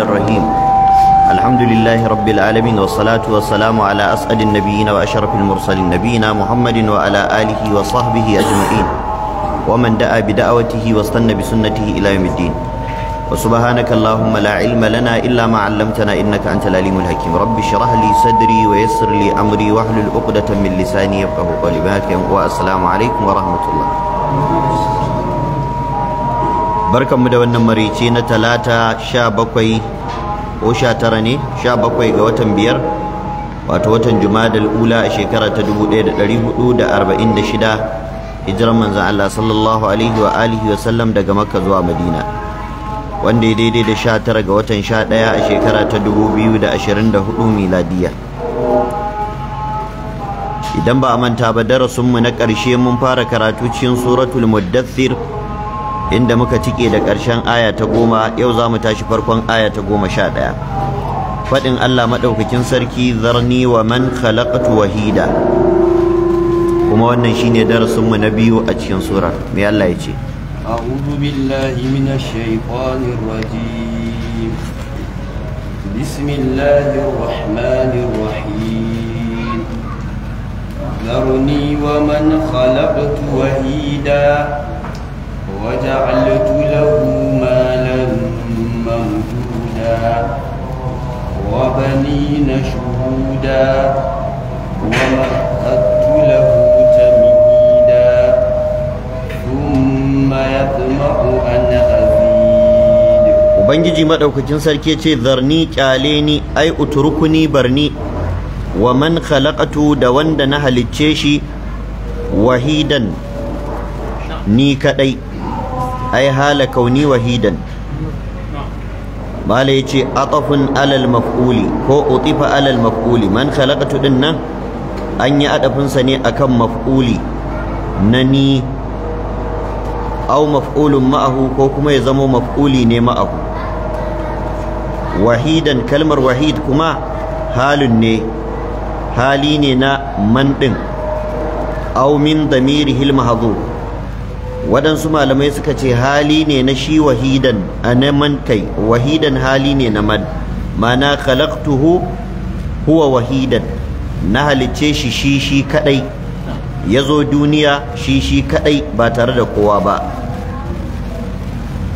الرحيم الحمد لله رب العالمين والصلاة والسلام على أسعد النبيين وأشرف المرسلين نبينا محمد وعلى آله وصحبه أجمعين ومن دعا بدعوته واستنى بسنته إلى يوم الدين وسبحانك اللهم لا علم لنا إلا ما علمتنا إنك أنت العليم الحكيم رب اشرح لي صدري ويسر لي أمري واحلل عقدة من لساني يفقه قولي السلام عليكم ورحمة الله mu da wannan marici na talata sha bakwai ko sha tara ne sha bakwai ga watan biyar wato watan jumadal ula a shekara ta dubu ɗaya da ɗari hudu da arba'in da shida hijiran manzan Allah sallallahu alaihi wa alihi wa sallam daga makka zuwa madina wanda ya daidai da sha tara ga watan sha a shekara ta dubu biyu da ashirin da hudu miladiya idan ba a manta ba darasinmu na ƙarshe mun fara karatu cikin suratul muddathir inda muka cike da ƙarshen aya ta goma yau za mu tashi farkon aya ta goma sha ɗaya faɗin Allah maɗaukakin sarki zarni wa man khalaqtu wahida kuma wannan shine ne mu na biyu a cikin surar me Allah ya ce أعوذ بالله من الشيطان الرجيم بسم الله الرحمن الرحيم ذرني ومن خلقت وهيداً وجعلت له مالا ممدودا وبنين شهودا ومهدت له تمهيدا ثم يطمع أن أزيد وبنجي مدوكتين سركيتي ذرني كاليني أي أتركني برني ومن خلقته da wanda na halicce shi wahidan ni kadai ai hala kauni wahidan mala yace atafun alal maf'uli ko utifa alal maf'uli man khalaqatu din nan an yi adafinsa ne akan maf'uli na ni au maf'ulun ma'ahu ko kuma ya zamo maf'uli ne ma'ahu wahidan kalmar wahid kuma halun ne hali ne na man din au min damirihil mahzuf waɗansu malamai suka ce hali ne na shi wahidan a neman kai wahidan hali ne na man mana khalaqtuhu huwa wahidan na halicce shi shi shi kadai ya zo duniya shi shi kadai ba tare da kowa ba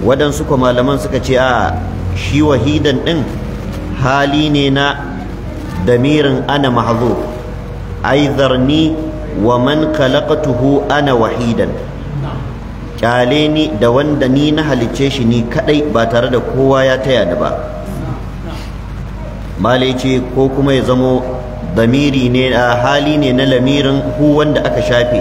waɗansu kuma malaman suka ce a shi wahidan ɗin hali ne na damirin ana mahzuf ai zarni wa man khalaqtuhu ana wahidan kyale ni da wanda ni na halicce shi ni kadai ba tare da kowa ya taya ni ba malai ko kuma ya zamo damiri ne a hali ne na lamirin hu wanda aka shafe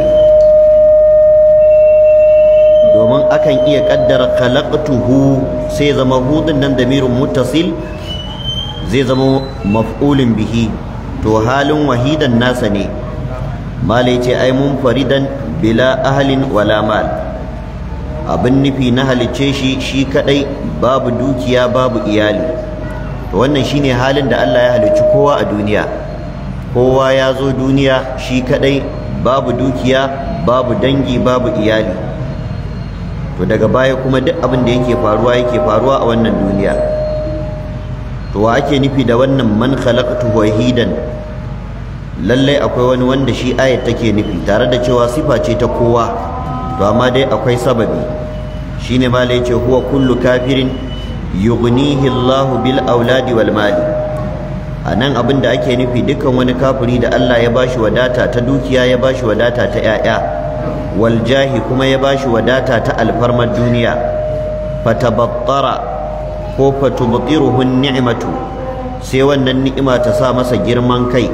domin akan iya kaddara khalaqtuhu sai zama din nan damirin muttasil zai zama maf'ulin bihi to halin wahidan nasa ne malai ce ai mun faridan bila ahalin wala mal abin nufi na halicce shi shi kadai babu dukiya babu iyali to wannan shine halin da Allah ya halicci kowa a duniya kowa ya zo duniya shi kadai babu dukiya babu dangi babu iyali to daga baya kuma duk abin da yake faruwa yake faruwa a wannan duniya to wa ake nufi da wannan man khalaqtu wahidan lallai akwai wani wanda shi ayat take nufi tare da cewa sifa ce ta kowa to amma dai akwai sababi shine ma lai ce huwa kullu kafirin yughnihi Allahu bil auladi wal mali anan abin da ake nufi dukkan wani kafiri da Allah ya bashi wadata ta dukiya ya bashi wadata ta yaya wal jahi kuma ya bashi wadata ta alfarmar duniya fatabattara ko fatubqiruhu ni'matu sai wannan ni'ima ta sa masa girman kai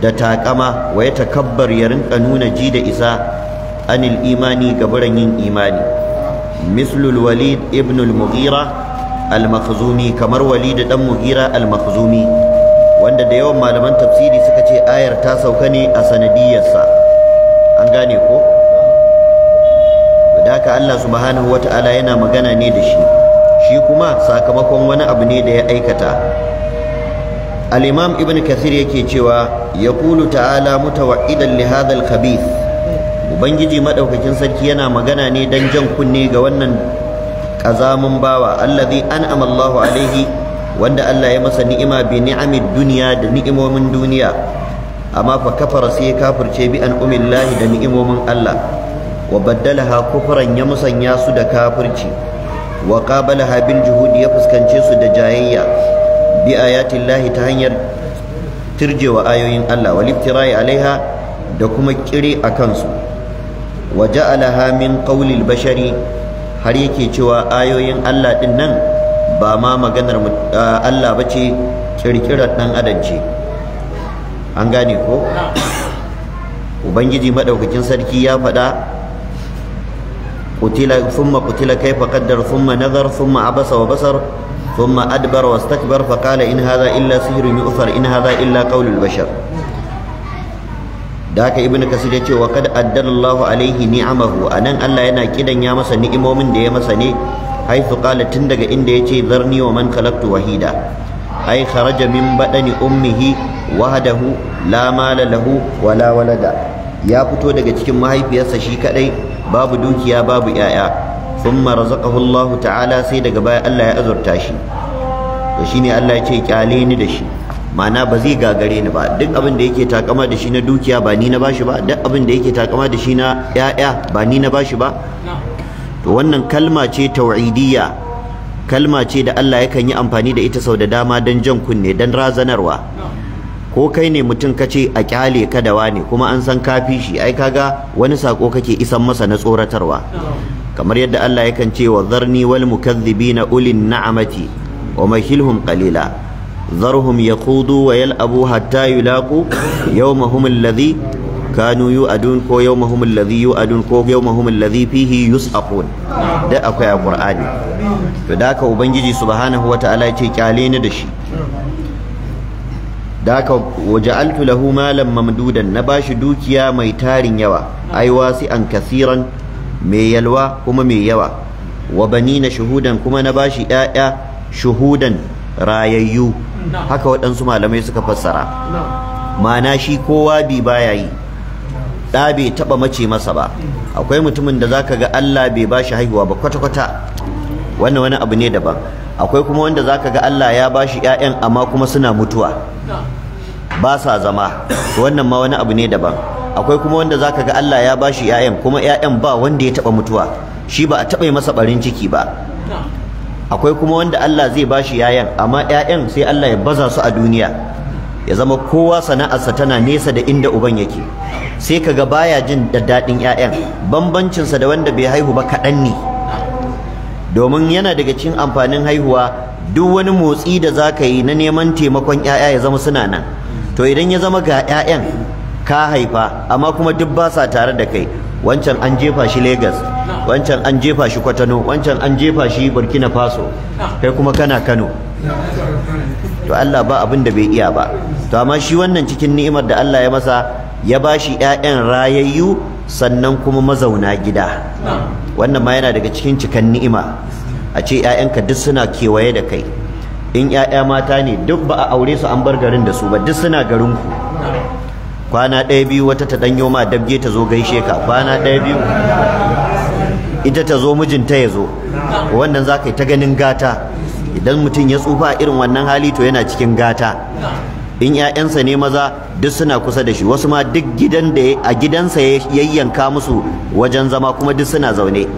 da takama wa ya takabbar ya rinka nuna ji da isa anil imani ga gabaran yin imani mislul walid ibn al-mughira kamar Walida ɗan Muhira al-makhzumi wanda da yawan malaman tafsiri suka ce ayar ta sauka ne a sanadiyarsa an gane ko da haka Allah subhanahu wataala yana magana ne da shi shi kuma sakamakon wani abu ne da ya aikata al-imam ibn kathir yake cewa yaqulu ta'ala mutawaidan li lihazal al ubangiji madaukakin sarki yana magana ne dan jan kunne ga wannan kazamin bawa allazi an'ama Allahu alaihi wanda Allah ya masa ni'ima bi ni'amid dunya da ni'imomin duniya amma fa kafara sai ya kafirce bi an umillahi da ni'imomin Allah wa baddalaha kufran ya musanya su da kafirci wa qabalaha bil juhudi ya fuskance su da jayayya bi ayatillahi ta hanyar tirjewa ayoyin Allah wal iftirai alaiha da kuma kire akan su waje من قول البشر har yake cewa ayoyin Allah din nan ba ma maganar Allah bace ce kirkirar dan adam an gane ko ubangiji madaukakin sarki ya faɗa qutila kai qutila kayfa qaddar thumma nazar thumma abasa wa basar thumma adbara wastakbar fa qala in hadha illa sihrun yu'thar in hadha illa qawlul bashar da haka ibnu kasir ya ce wa kad addallahu alaihi ni'amahu anan Allah yana kidan ya masa ni'imomin da ya masa ne haifu qala tun daga inda ya yace zarni wa man khalaqtu wahida ai kharaja min badani ummihi wahdahu la mala lahu wala walada ya fito daga cikin mahaifiyarsa shi kadai babu dukiya babu yaya thumma razaqahu Allah ta'ala sai daga baya Allah ya azurta shi to shine Allah ya ce kyale ni da shi ma'ana ba zai gagare ni ba duk abin da yake takama da shi na dukiya ba ni na bashi ba duk abin da yake takama da shi na ƴaƴa ba ni na bashi ba to wannan kalma ce tauhidiyya kalma ce da Allah yakan yi amfani da ita sau da dama dan jan kunne dan razanarwa ko kai ne mutum kace a kyale ka da wani kuma an san kafi shi ai kaga wani sako kake isan masa na tsoratarwa kamar yadda Allah yakan ce wa zarni wal mukazzibina ulin na'amati wa mahilhum qalila zarhum yaqudu wa yal'abu hatta yulaqu yawmahum alladhi kanu yu'adun ko yawmahum alladhi yu'adun ko yawmahum alladhi fihi yus'aqun da akwai a qur'ani to da haka ubangiji subhanahu wataala ya ce kyale ni da shi da ka waja'altu lahu malan mamdudan na bashi dukiya mai tarin yawa ai wasi'an kasiran mai yalwa kuma mai yawa wa banina shuhudan kuma na bashi 'ya'ya shuhudan rayayyu haka waɗansu malamai suka fassara mana shi kowa bi baya yi ɗa bai taɓa mace masa ba mm. akwai mutumin da zaka ga Allah bai bashi haihuwa ba kwata-kwata wannan wani abu ne daban akwai kuma wanda zaka ga Allah ya bashi ƴaƴan amma kuma suna mutuwa ba sa zama wannan ma wani abu ne daban akwai kuma wanda zaka ga Allah ya bashi ƴaƴan kuma ƴaƴan ba wanda ya taɓa mutuwa shi ba a taɓa masa barin ciki ba akwai kuma wanda Allah zai bashi yayan amma yayan sai Allah ya baza su a duniya ya zama kowa sana'arsa tana nesa da inda uban yake sai kaga baya jin da dadin yayan bambancin sa da wanda bai haihu ba kadan ne domin yana daga cikin amfanin haihuwa duk wani motsi da zaka yi na neman taimakon yaya ya zama suna nan to idan ya zama ga yayan ka haifa amma kuma duk ba sa tare da kai wancan an jefa shi Lagos wancan an jefa shi Kwatano wancan an jefa shi Burkina Faso kai kuma kana Kano to Allah ba abin da bai iya ba to amma shi wannan cikin ni'imar da Allah ya masa ya bashi ƴaƴan rayayyu sannan kuma mazauna gida wannan ma yana daga cikin cikan ni'ima a ce ƴaƴanka duk suna kewaye da kai in ƴaƴa mata ne duk ba a aure su an bar garin da su ba duk suna garin ku kwana ɗaya biyu wata ta danyo ma dabge ta zo gaishe ka kwana ɗaya biyu ita ta zo mijinta ya zo wannan za ka yi ta ganin gata idan mutum ya tsufa irin wannan hali to yana cikin gata in 'ya'yansa ne maza duk suna kusa da shi wasu ma duk gidan da a gidansa ya yayyanka musu wajen zama kuma duk suna zaune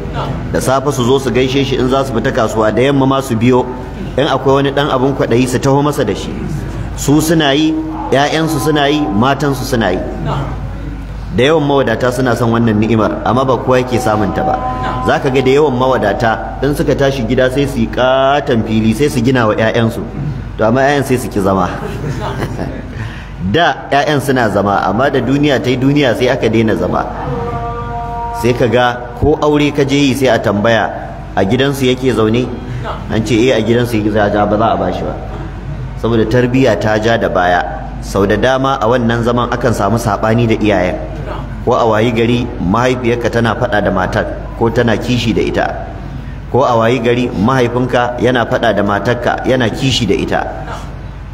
da safe su zo su gaishe shi in za su fita kasuwa da yamma ma su biyo in akwai wani dan abun kwaɗayi su taho masa da shi su suna yi 'ya'yansu suna yi matansu suna yi da yawan mawadata suna son wannan ni'imar amma ba kowa yake samun ta ba zaka ga da yawan mawadata in suka tashi gida sai su yi katan fili sai su gina wa 'ya'yansu to amma 'ya'yan sai su ki zama da 'ya'yan suna zama amma da duniya ta duniya sai aka daina zama sai ka ga ko aure ka je yi sai a tambaya a gidansu yake zaune an ce eh a gidansu yake zaune ba za a bashi ba saboda tarbiyya ta ja da baya sau da dama a wannan zaman akan samu sabani da iyayen ko a wayi gari mahaifiyarka tana fada da matar ko tana kishi da ita ko a wayi gari mahaifinka yana fada da matarka yana kishi da ita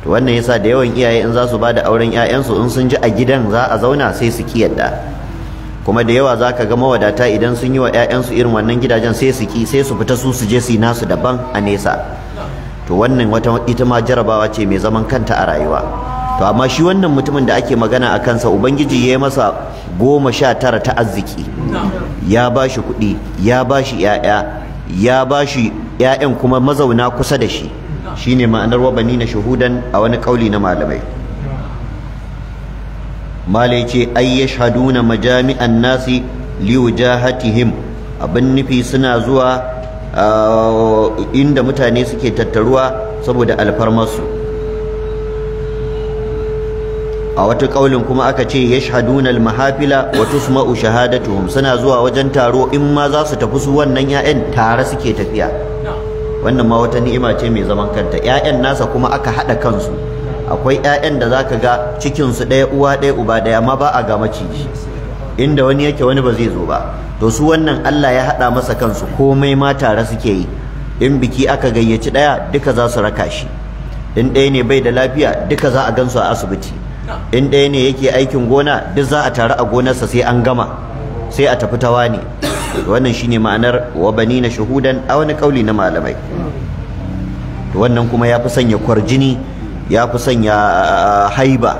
to wannan yasa da yawan iyaye in za su bada auren 'ya'yansu in sun ji a gidan za a zauna sai su ki yadda kuma da yawa zaka ga mawadata idan sun yi wa 'ya'yansu irin wannan gidajen sai su ki sai su fita su su je su yi nasu daban a nesa to wannan wata ita ma jarabawa ce mai zaman kanta a rayuwa to amma shi wannan mutumin da ake magana a kansa ubangiji ya yi masa goma sha tara ta arziki ya ba shi kuɗi ya ba shi ‘ya'ya ya ba shi ‘ya'yan kuma mazauna kusa da shi shine ma'anar wabani na shahudan a wani ƙauli na malamai malai ce ai majami'an nasi liwujahatihim abin nufi suna zuwa ah, inda mutane suke tattaruwa saboda alfarmarsu a wata kaulin kuma aka ce yashhaduna al-mahafila wa tusma'u shahadatuhum suna zuwa wajen taro in ma za su tafi su wannan 'ya'yan tare suke tafiya wannan ma wata ni'ima ce mai zaman kanta 'ya'yan nasa kuma aka hada kansu akwai 'ya'yan da zaka ga cikin su ɗaya uwa ɗaya uba ɗaya ma ba a ga maciji inda wani yake wani ba zai zo ba to su wannan Allah ya hada masa kansu komai ma tare suke yi in biki aka gayyaci ɗaya duka za su raka shi in ɗaya ne bai da lafiya duka za a gansu a asibiti in ɗaya ne yake aikin gona duk za a taru a gonarsa sai an gama sai a tafi ne wannan shine ma'anar wa banina shuhudan a wani kauli na malamai wannan kuma ya fi sanya kwarjini ya fi sanya ah, haiba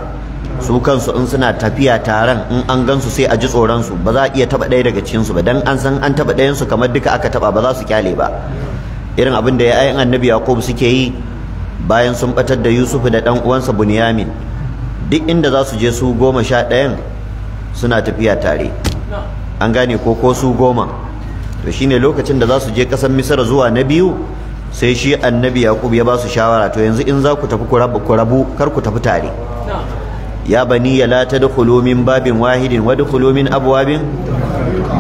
su kansu in suna tafiya taron in an gansu sai a ji tsoronsu. ba za a iya taba ɗaya daga cikin ba dan an san an taba ɗayansu kamar duka aka taba ba za su kyale ba irin abin da ya ayin annabi yaqub suke yi bayan sun batar da yusuf da ɗan uwansa bunyamin duk inda za su je su goma sha ɗayan suna tafiya tare an gane ko ko su goma to shine lokacin da za su je ƙasar misira zuwa na biyu sai shi annabi yaqub ya ba su shawara to yanzu in za ku tafi ku rabu kar ku tafi tare ya bani ya la tadkhulu min babin wahidin wadkhulu min abwabin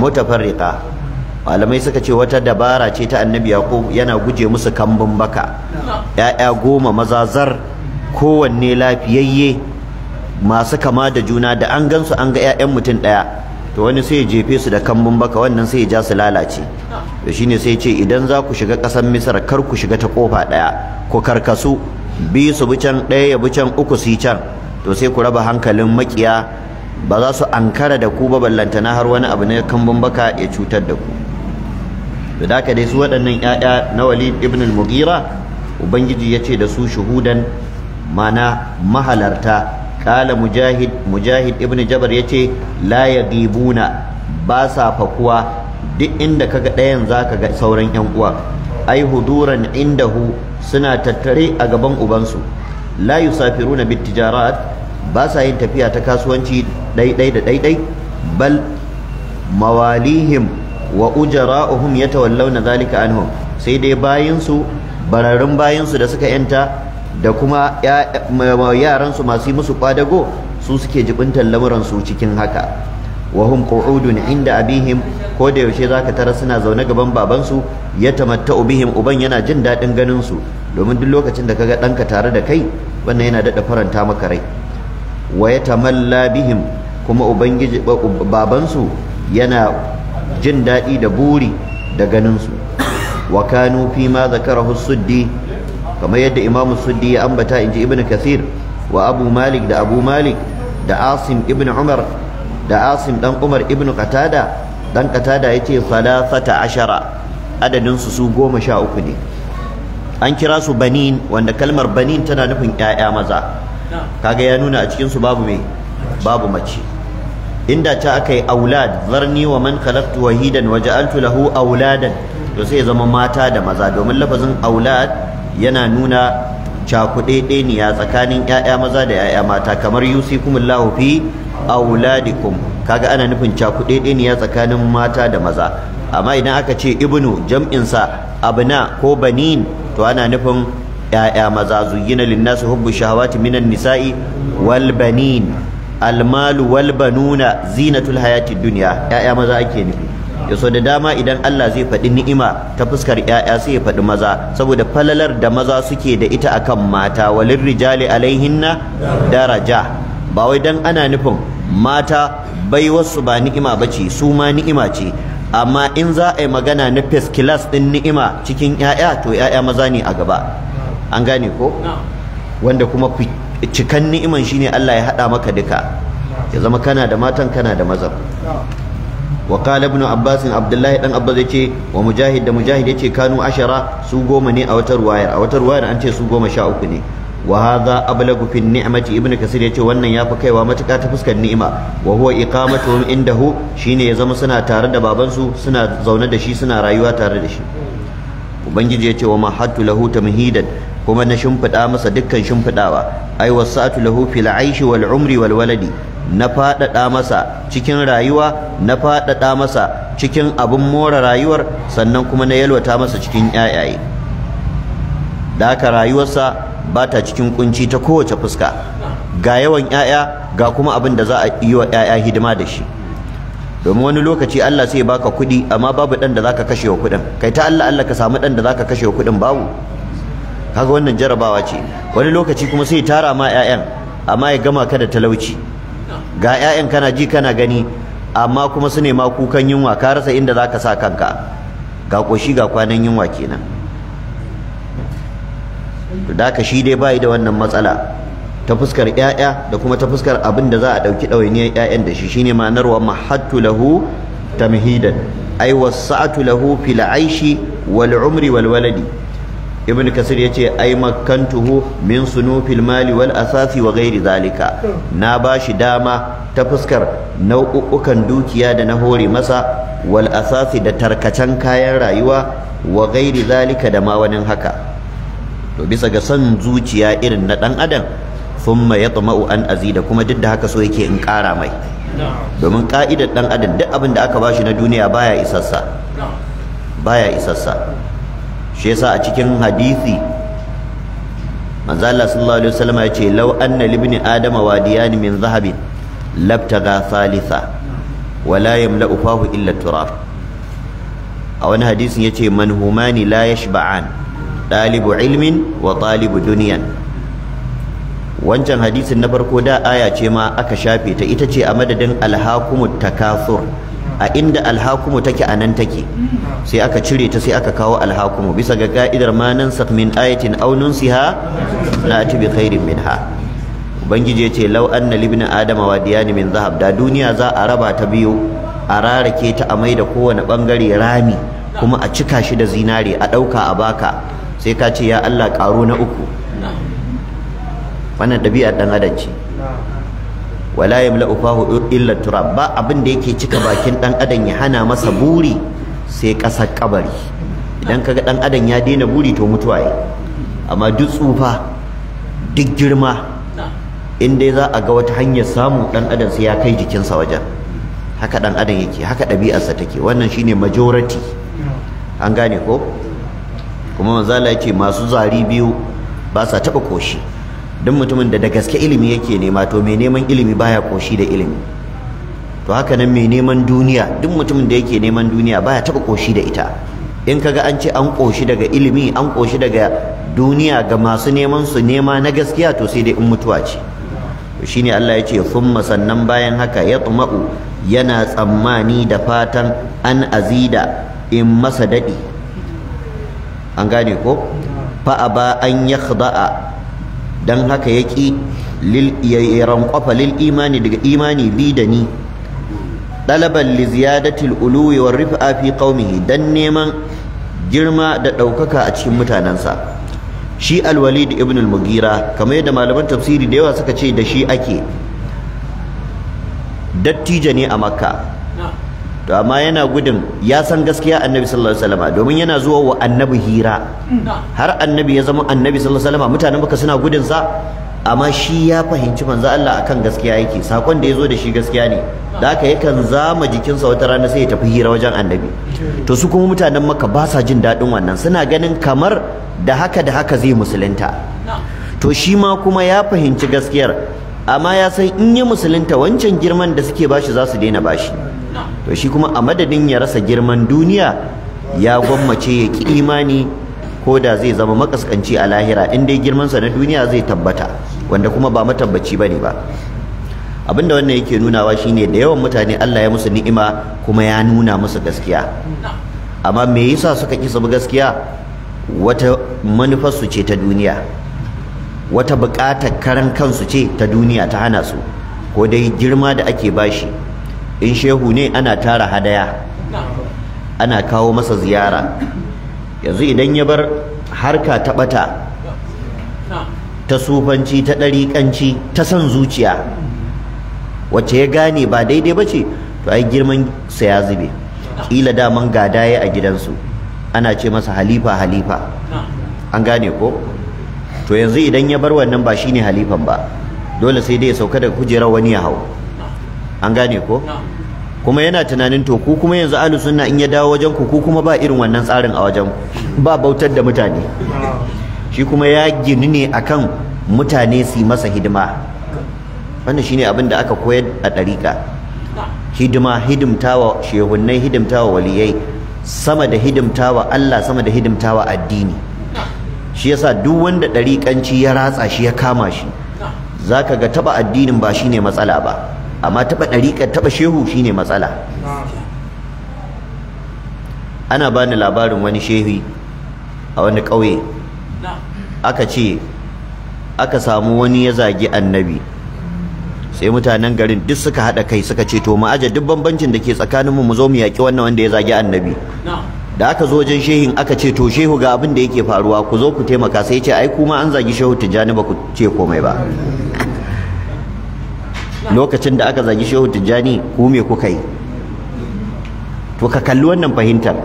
mutafarriqa malamai suka ce wata dabara ce ta annabi yaqub yana guje musu kambun baka ya'ya goma mazazar kowanne lafiyayye masu kama da juna da an gansu an ga 'ya'yan mutum ɗaya to wani sai ya jefe su da kambun baka wannan sai ya ja su lalace to shine sai ce idan za ku shiga ƙasar misar kar ku shiga ta kofa ɗaya ku karkasu bi su bi can ɗaya ya bi uku su can to sai ku raba hankalin makiya ba za su ankara da ku ba ballantana har wani abu ne kambun baka ya cutar da ku to da haka dai su waɗannan 'ya'ya na Walid ibn al-Mughira ubangiji ya ce da su shuhudan mana mahalarta Ƙala mujahid mujahid ibnu jabar ya la yaghibuna ba sa fakuwa duk inda kaga ɗayan zaka ga sauran yan uwa ai huduran indahu suna tattare a gaban ubansu la yusafiruna bitijarat ba sa yin tafiya ta kasuwanci ɗaiɗai da ɗaiɗai bal mawalihim wa ujara'uhum yatawallawna zalika anhum sai dai bayinsu bararrun bayansu da suka yanta da kuma yaransu masu musu kwadago su suke jibintar lamuransu cikin haka wahum qu'udun inda abihim ko da yaushe zaka tara suna zaune gaban babansu ya tamatta'u bihim uban yana jin daɗin ganin su domin duk lokacin da kaga ɗanka tare da kai wannan yana daɗa faranta maka rai wa yatamalla bihim kuma ubangiji babansu yana jin daɗi da buri da ganin su wa kanu fi ma zakarahu suddi kamar yadda imamu suddi ya ambata inji ibnu kasir wa abu malik da abu malik da asim Ibn umar da asim dan umar ibnu Katada, dan qatada yace salasata ashara adadin su su goma sha uku ne an kira su banin wanda kalmar banin tana nufin 'ya'ya maza kaga ya nuna a cikin su babu mai babu mace inda ta aka yi aulad zarni wa man khalaqtu wahidan wa ja'altu lahu auladan to sai zama mata da maza domin lafazin aulad yana nuna cakuɗeɗeniya tsakanin ‘ya'ya maza da ‘ya'ya mata kamar yusi kumullahu fi auladikum kaga ana nufin cakuɗeɗeniya tsakanin mata da maza amma idan aka ce ibnu jam'insa abna ko banin to ana nufin ‘ya'ya maza zuyyina linnasu hubbu shahawati minan nisa'i wal banin almalu wal banuna zinatul hayati dunya ‘ya'ya maza ake nufi Ya so da dama idan Allah zai faɗi ni'ima ta fuskar ƴaƴa sai ya faɗi maza saboda falalar da maza suke da ita akan mata walin rijali alaihinna daraja ba wai dan ana nufin mata bai wasu ba ni'ima bace su ma ni'ima ce amma in za a yi magana na first class din ni'ima cikin ƴaƴa to ƴaƴa maza ne a gaba an gane ko wanda kuma cikan ni'iman shine Allah ya hada maka duka ya zama kana da matan kana da mazan wa qala ibn abbas abdullahi dan abbas yace wa mujahid da mujahid yace kanu ashara su goma ne a wata ruwayar a wata ruwayar an ce su goma sha uku ne wa hadha ablagu fi ni'mati ibn kasir yace wannan yafi kaiwa matuka ta fuskar ni'ima wa huwa iqamatuhum indahu shine ya zama suna tare da babansu suna zaune da shi suna rayuwa tare da shi ubangiji ce wa mahattu ta tamhidan kuma na shimfida masa dukkan shimfidawa ai wasatu lahu fil aishi wal umri wal waladi na faɗaɗa masa cikin rayuwa na faɗaɗa masa cikin abin more rayuwar sannan kuma na yalwata masa cikin ƴaƴaye da haka rayuwarsa ba ta cikin kunci ta kowace fuska ga yawan ƴaƴa ga kuma abin da za a yi wa ƴaƴa hidima da shi domin wani lokaci Allah sai baka kuɗi amma babu ɗan da zaka kashe wa kuɗin kai ta Allah Allah ka samu ɗan da zaka kashe wa kuɗin babu kaga wannan jarabawa ce wani lokaci kuma sai tara ma ƴaƴan amma ya gama ka da talauci ga 'ya'yan kana ji kana gani amma kuma su nema kukan yunwa ka rasa inda za ka sa kanka ga ƙoshi ga kwanan yunwa kenan da ka shi dai bayi da wannan matsala ta fuskar 'ya'ya da kuma ta fuskar abin da za a ɗauki ɗawainiyar 'ya'yan da shi ne ma'anar wa mahattu lahu tamhidan ay wasa'tu lahu fil aishi wal umri wal waladi ibn kasir yace ai makkantuhu min sunufil mali wal asasi wa ghairi zalika na bashi dama ta fuskar nau'ukan dukiya da na hore masa wal asasi da tarkacen kayan rayuwa wa ghairi zalika da ma wani haka to bisa ga son zuciya irin na dan adam thumma yatma'u an azida kuma duk da haka so yake in ƙara mai domin ka'idar dan adam duk abin da aka bashi na duniya baya isassa baya isassa shi yasa a cikin hadisi manzo Allah sallallahu alaihi wasallam ce law anna libni adama wadiyan min zahabin labtaga thalitha wala yamla'u fahu illa turab a wani hadisin yace man humani la yashba'an dalibu ilmin wa talibu duniyan wancan hadisin na farko da aya ce ma aka shafe ta ita ce a madadin alhakumut takasur a inda alhakumu take a nan take sai aka cire ta sai aka kawo alhakumu bisa ga ka'idar ma nansakh min ayatin aw nunsiha na'ti bi khairin minha ubangiji yace law anna libna adama diyani min zahab da duniya za a raba ta biyu a rarake ta a da kowane bangare rami kuma a cika shi da zinare a dauka a baka sai ka ce ya Allah karo na uku wannan dabi'ar dan adam wala yamla'u fahu illa turab ba abin da yake cika bakin dan adam ya hana masa buri sai kasar kabari idan kaga dan adam ya daina buri to mutuwa yi amma duk tsufa duk girma in dai za a ga wata hanyar samu dan adam sai ya kai jikinsa wajen haka dan adam yake haka ɗabi'arsa take wannan shine majority an gane ko kuma manzala yake masu zari biyu ba sa taba koshi duk mutumin da da gaske ilimi yake nema to mai neman ilimi baya koshi da ilimi to haka nan mai neman duniya duk mutumin da yake neman duniya baya taba koshi da ita in kaga an ce an koshi daga ilimi an koshi daga duniya ga masu neman su nema na gaskiya to sai dai in mutuwa ce to shine Allah ya ce thumma sannan bayan haka ya tsuma'u yana tsammani da fatan an azida in masa daɗi. an gane ko fa aba an yakhda'a dan haka yaki lil yaran qafa lil imani daga imani bi da ni ɗalabar li ziyadati al rufe war rif'a fi qaumihi dan neman girma da ɗaukaka a cikin mutanensa. shi al walid ibn al mugira kamar yadda malaman tafsiri da yawa suka ce da shi ake dattijo ne a makka to amma yana gudun ya san gaskiya annabi sallallahu alaihi wasallam domin yana zuwa wa annabi hira har annabi ya zama annabi sallallahu alaihi wasallam mutanen baka suna gudun sa amma shi ya fahimci manzo Allah akan gaskiya yake sakon da yazo da shi gaskiya ne da haka yakan zama jikinsa wata rana sai ya tafi hira wajen annabi to su kuma mutanen maka ba sa jin dadin wannan suna ganin kamar da haka da haka zai musulunta to shi ma kuma ya fahimci gaskiyar amma ya san in yi musulunta wancan girman da suke bashi za su daina bashi to shi kuma a madadin ya rasa girman duniya ya gwammace ya ki imani ko da zai zama makaskanci a lahira in dai girman sa na duniya zai tabbata wanda kuma ba matabbaci bane ba abinda wannan yake nunawa shine da yawan mutane Allah ya musu ni'ima kuma ya nuna musu gaskiya amma me yasa suka ki su gaskiya wata manufar su ce ta duniya wata bukatar karan kansu ce ta duniya ta hana su ko dai girma da ake bashi in shehu ne ana tara hadaya ana kawo masa ziyara yanzu idan ya bar harka ta bata ta sufanci ta ɗarikanci ta san zuciya wacce ya gane ba daidai ba ce to ai girman sa ya zube ƙila daman gada ya a gidansu ana ce masa halifa halifa an gane ko to yanzu idan ya bar wannan ba shine halifan ba dole sai dai ya sauka daga kujerar wani ya hau an gane ko kuma yana tunanin to ku kuma yanzu ahlus sunna in ya dawo wajen ku ku kuma ba irin wannan tsarin a wajen ba bautar da mutane shi kuma ya ginu ne akan mutane su masa hidima wannan shine abin da aka koyar a dariqa hidima hidimtawa shehunnai hidimtawa waliyai sama da hidimtawa Allah sama da hidimtawa addini shi yasa duk wanda dariqanci ya ratsa shi ya kama shi zaka ga taba addinin ba shine matsala ba amma taba ɗariƙar taba shehu shine matsala ana bani labarin wani shehi a wani ƙauye aka ce aka samu wani ya zagi annabi sai mutanen garin duk suka haɗa kai suka ce to mu duk bambancin da ke tsakanin mu zo mu yaki wannan wanda ya zagi annabi da aka zo wajen shehin aka ce to shehu ga abin da yake faruwa ku zo ku taimaka sai ya ce ai kuma an zagi shehu tijjani ba ku ce komai ba lokacin da aka zagi shehu tijjani ku me kuka yi to ka kalli wannan fahimtar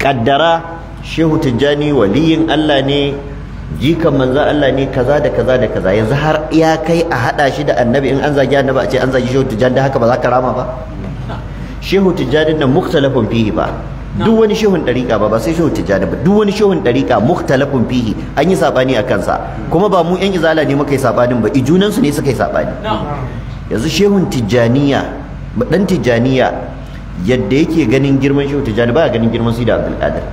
kaddara shehu tijjani waliyin Allah ne jikan manzo Allah ne kaza da kaza da kaza yanzu har ya kai a hada shi da annabi in an zagi annabi a ce an zagi shehu tijjani da haka ba za ka rama ba shehu tijjani na mukhtalafun fihi ba duk wani shehun dariƙa ba ba sai shehu tijjani ba duk wani shehun dariƙa mukhtalafun fihi an yi sabani a sa kuma ba mu yan izala ne muka yi sabanin ba ijunan su ne suka yi sabani yanzu shehun tijjaniya dan tijjaniya yadda yake ganin girman shehu tijjani baya ganin girman sida abdul qadir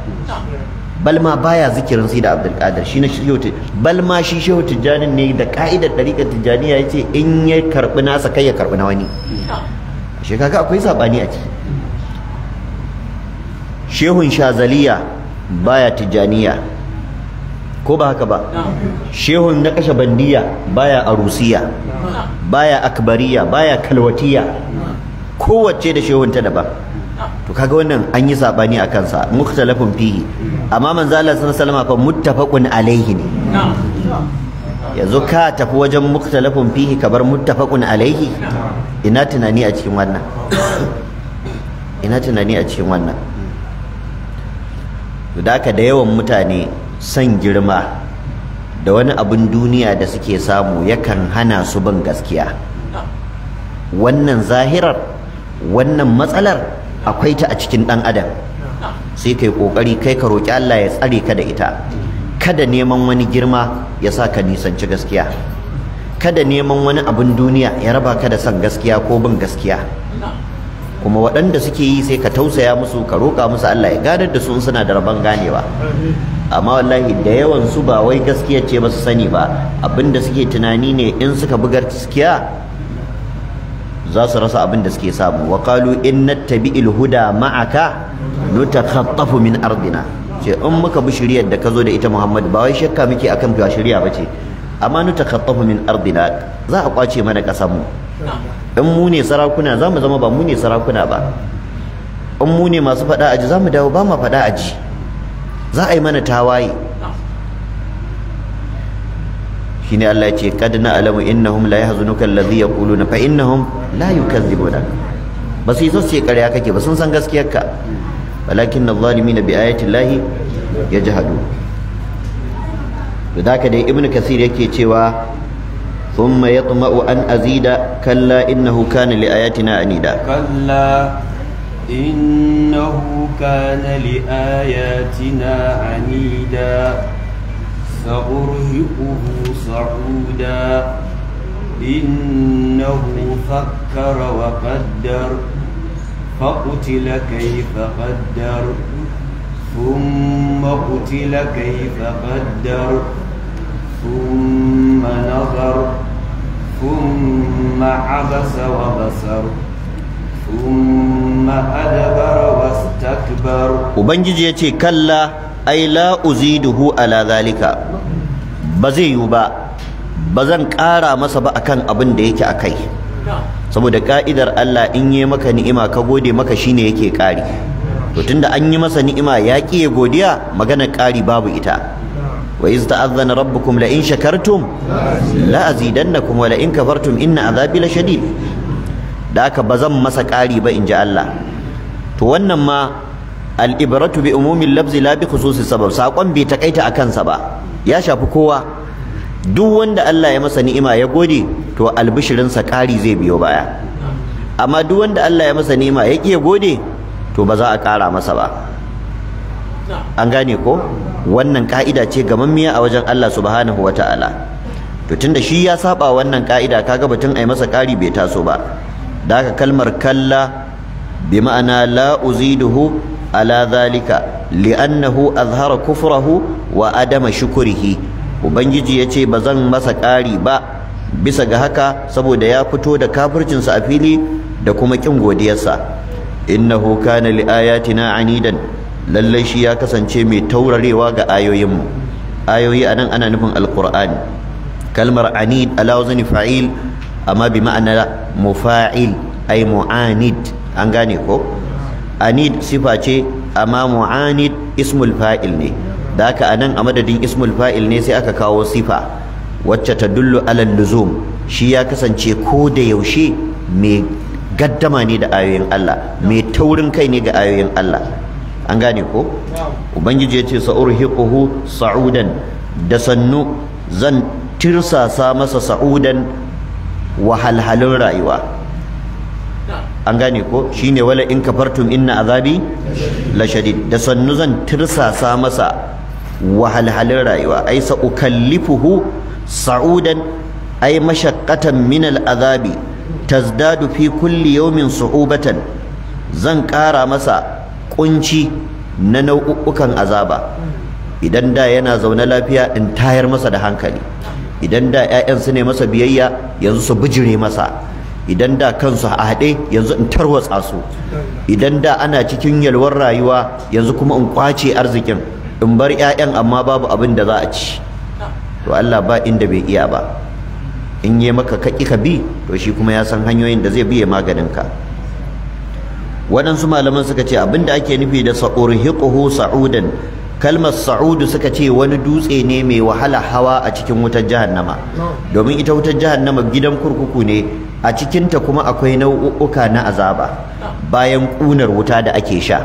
balma baya zikirin sida abdul qadir shine shehu balma shi shehu tijjani ne da ka'idar dariƙar tijjaniya yace in ya karbi nasa kai ya karbi na wani shi kaga akwai sabani a ciki shehun shazaliya baya tijjaniya ko ba haka ba shehun na kashe bandiya baya arusiya baya akbariya baya kalwatiya kowace da shehun ta daban to kaga wannan an yi sabani a kansa mukhtalafun fihi amma manzo Allah sallallahu alaihi wasallam fa muttafaqun alaihi ne yanzu ka tafi wajen mukhtalafun fihi ka bar muttafaqun alaihi ina tunani a cikin wannan ina tunani a cikin wannan da da yawan mutane San girma da wani abin duniya da suke samu yakan hana su bin gaskiya wannan zahirar wannan matsalar akwai ta a cikin ɗan adam sai kai ƙoƙari kai ka roki Allah ya tsare ka da ita kada neman wani girma ya sa ka nisanci gaskiya kada neman wani abin duniya ya raba ka da san gaskiya ko bin gaskiya kuma waɗanda suke yi sai ka tausaya musu ka roƙa musu Allah ya gadar da su suna da rabon ganewa amma wallahi da yawan su ba wai gaskiya ce ba su sani ba abinda suke tunani ne in suka buga gaskiya za su rasa abinda suke samu wa qalu inna tabi'il huda ma'aka nutakhattafu min ardina ce in muka bi shiriyar da ka zo da ita Muhammad ba wai shakka muke akan ba shiriya bace amma nutakhattafu min ardina za a kwace mana kasar mu in mu ne sarakuna za mu zama ba mu ne sarakuna ba in mu ne masu faɗa aji za mu dawo ba ma faɗa aji za a yi mana tawaye ne Allah ya ce kad na'lamu innahum la yahzunuka alladhi yaquluna fa innahum la yukazzibuna ba su yi sosai karya kake ba sun san gaskiyarka walakin adh na bi lahi ya ji hadu da dai ibnu kasir yake cewa thumma yatma'u an azida kalla innahu kana li ayatina anida kalla إنه كان لآياتنا عنيدا سأرهقه صعودا إنه فكر وقدر فقتل كيف قدر ثم قتل كيف قدر ثم نظر ثم عبس وبصر ubangiji ya ce kalla ai la'uzi uziduhu ala zalika ba zai yiwu ba ba zan ƙara masa ba akan abin da yake a kai. saboda ƙa'idar Allah in yi maka ni'ima ka gode maka shine yake ƙari to tunda an yi masa ni'ima ya ƙi ya godiya magana ƙari babu ita wa iz ta'azzana rabbukum la in shakartum la azidannakum wa la in kafartum inna azabi lashadid da aka bazan masa ƙari ba in ji Allah to wannan ma al'ibaratu bi umumin labzi la bi khususi sabab sakon bai taƙaita a kansa ba ya shafi kowa duk wanda Allah ya masa ni'ima ya gode to albishirinsa ƙari zai biyo baya amma duk wanda Allah ya masa ni'ima ya ƙi gode to ba za a ƙara masa ba an gane ko wannan ƙa'ida ce gamammiya a wajen Allah subhanahu wataala to tunda shi ya saba wannan ƙa'ida kaga batun ai masa ƙari bai taso ba da kalmar kalla bi ma'ana la uziduhu ala zalika li'annahu azhara kufrahu wa adama shukrihi ubangiji yace bazan masa ƙari ba bisa ga haka saboda ya fito da kafircinsa a fili da kuma kin godiyarsa innahu kana liayatina anidan lallai shi ya kasance mai taurarewa ga ayoyinmu ayoyi anan ana nufin alqur'ani kalmar anid ala wazni fa'il amma bi ma'ana mufa'il ai mu'anid an gane ko anid sifa ce amma mu'anid ismul fa'il ne da haka anan a madadin ismul fa'il ne sai aka kawo sifa wacce ta dullu ala luzum shi ya kasance ko da yaushe mai gaddama ne da ayoyin Allah mai taurin kai ne ga ayoyin Allah an gane ko ubangiji ya ce sa'urhiquhu sa'udan da sannu zan tirsasa masa sa'udan wahalhalun rayuwa an gane ko shine wala in kafartum inna azabi la da sannu zan tirsasa masa wahalhalun rayuwa ai sa ukallifuhu sa'udan ai mashaqqatan min al'azabi tazdadu fi kulli yawmin su'ubatan zan ƙara masa kunci na nau'ukan azaba idan da yana zaune lafiya in tayar masa da hankali idan da ƴaƴan su ne masa biyayya yanzu su bijire masa idan da kansu a haɗe yanzu in tarwatsa su idan da ana cikin yalwar rayuwa yanzu kuma in kwace arzikin in bar ƴaƴan amma babu abin da za a ci to Allah ba inda bai iya ba in yi maka kaki ka bi to shi kuma ya san hanyoyin da zai biye maganin ka waɗansu malaman suka ce abinda ake nufi da sa'urhiquhu sa'udan kalmar sa'udu suka ce wani dutse ne mai wahala hawa a cikin wutar jahannama domin ita wutar jahannama gidan kurkuku ne a cikinta kuma akwai nau'uka na azaba bayan kunar wuta da ake sha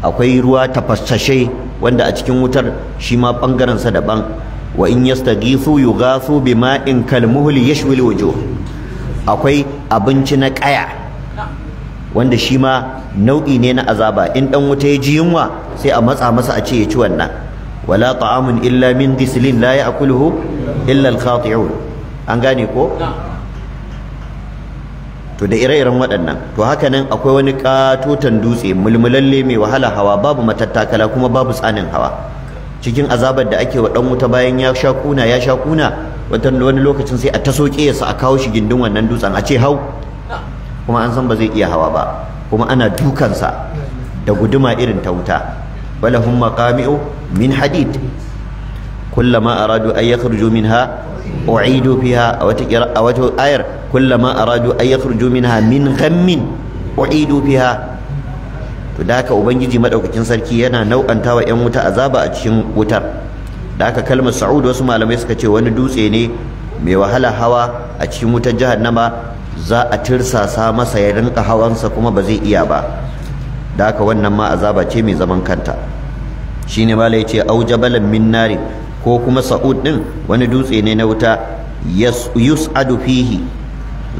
akwai ruwa tafassashe wanda a cikin wutar shi ma bangaren sa daban wa in yastaghifu yughathu bima'in kalmuhli yashwil wujuh akwai abinci na kaya wanda shi ma nau'i ne na azaba in dan wuta ya ji yunwa sai a matsa masa a ce ya ci wannan wala ta'amun illa min dislin la ya'kuluhu illa al-khati'un an gane ko to da ire-iren waɗannan to haka nan akwai wani katotan dutse mulmulalle mai wahala hawa babu matattakala kuma babu tsanin hawa cikin azabar da ake wa dan wuta bayan ya sha kuna ya sha kuna wani lokacin sai a tasoke ya sa a kawo shi gindin wannan dutsen a ce hau kuma an san ba zai iya hawa ba kuma ana dukansa da guduma irin ta wuta walahum maqami'u min hadid kullama aradu an yakhruju minha u'idu fiha aw taqira aw ayar kullama aradu an yakhruju minha min ghammin u'idu fiha to da ubangiji madaukakin sarki yana nau'anta wa yan wuta azaba a cikin wutar da haka kalmar sa'ud wasu malamai suka ce wani dutse ne mai wahala hawa a cikin wutar jahannama za a tirsasa masa ya rinka hawansa kuma ba zai iya ba da haka wannan ma azaba ce mai zaman kanta shine mala yace aujabalan minnari Minnari" ko kuma sa'ud din wani dutse ne na wuta yus'adu fihi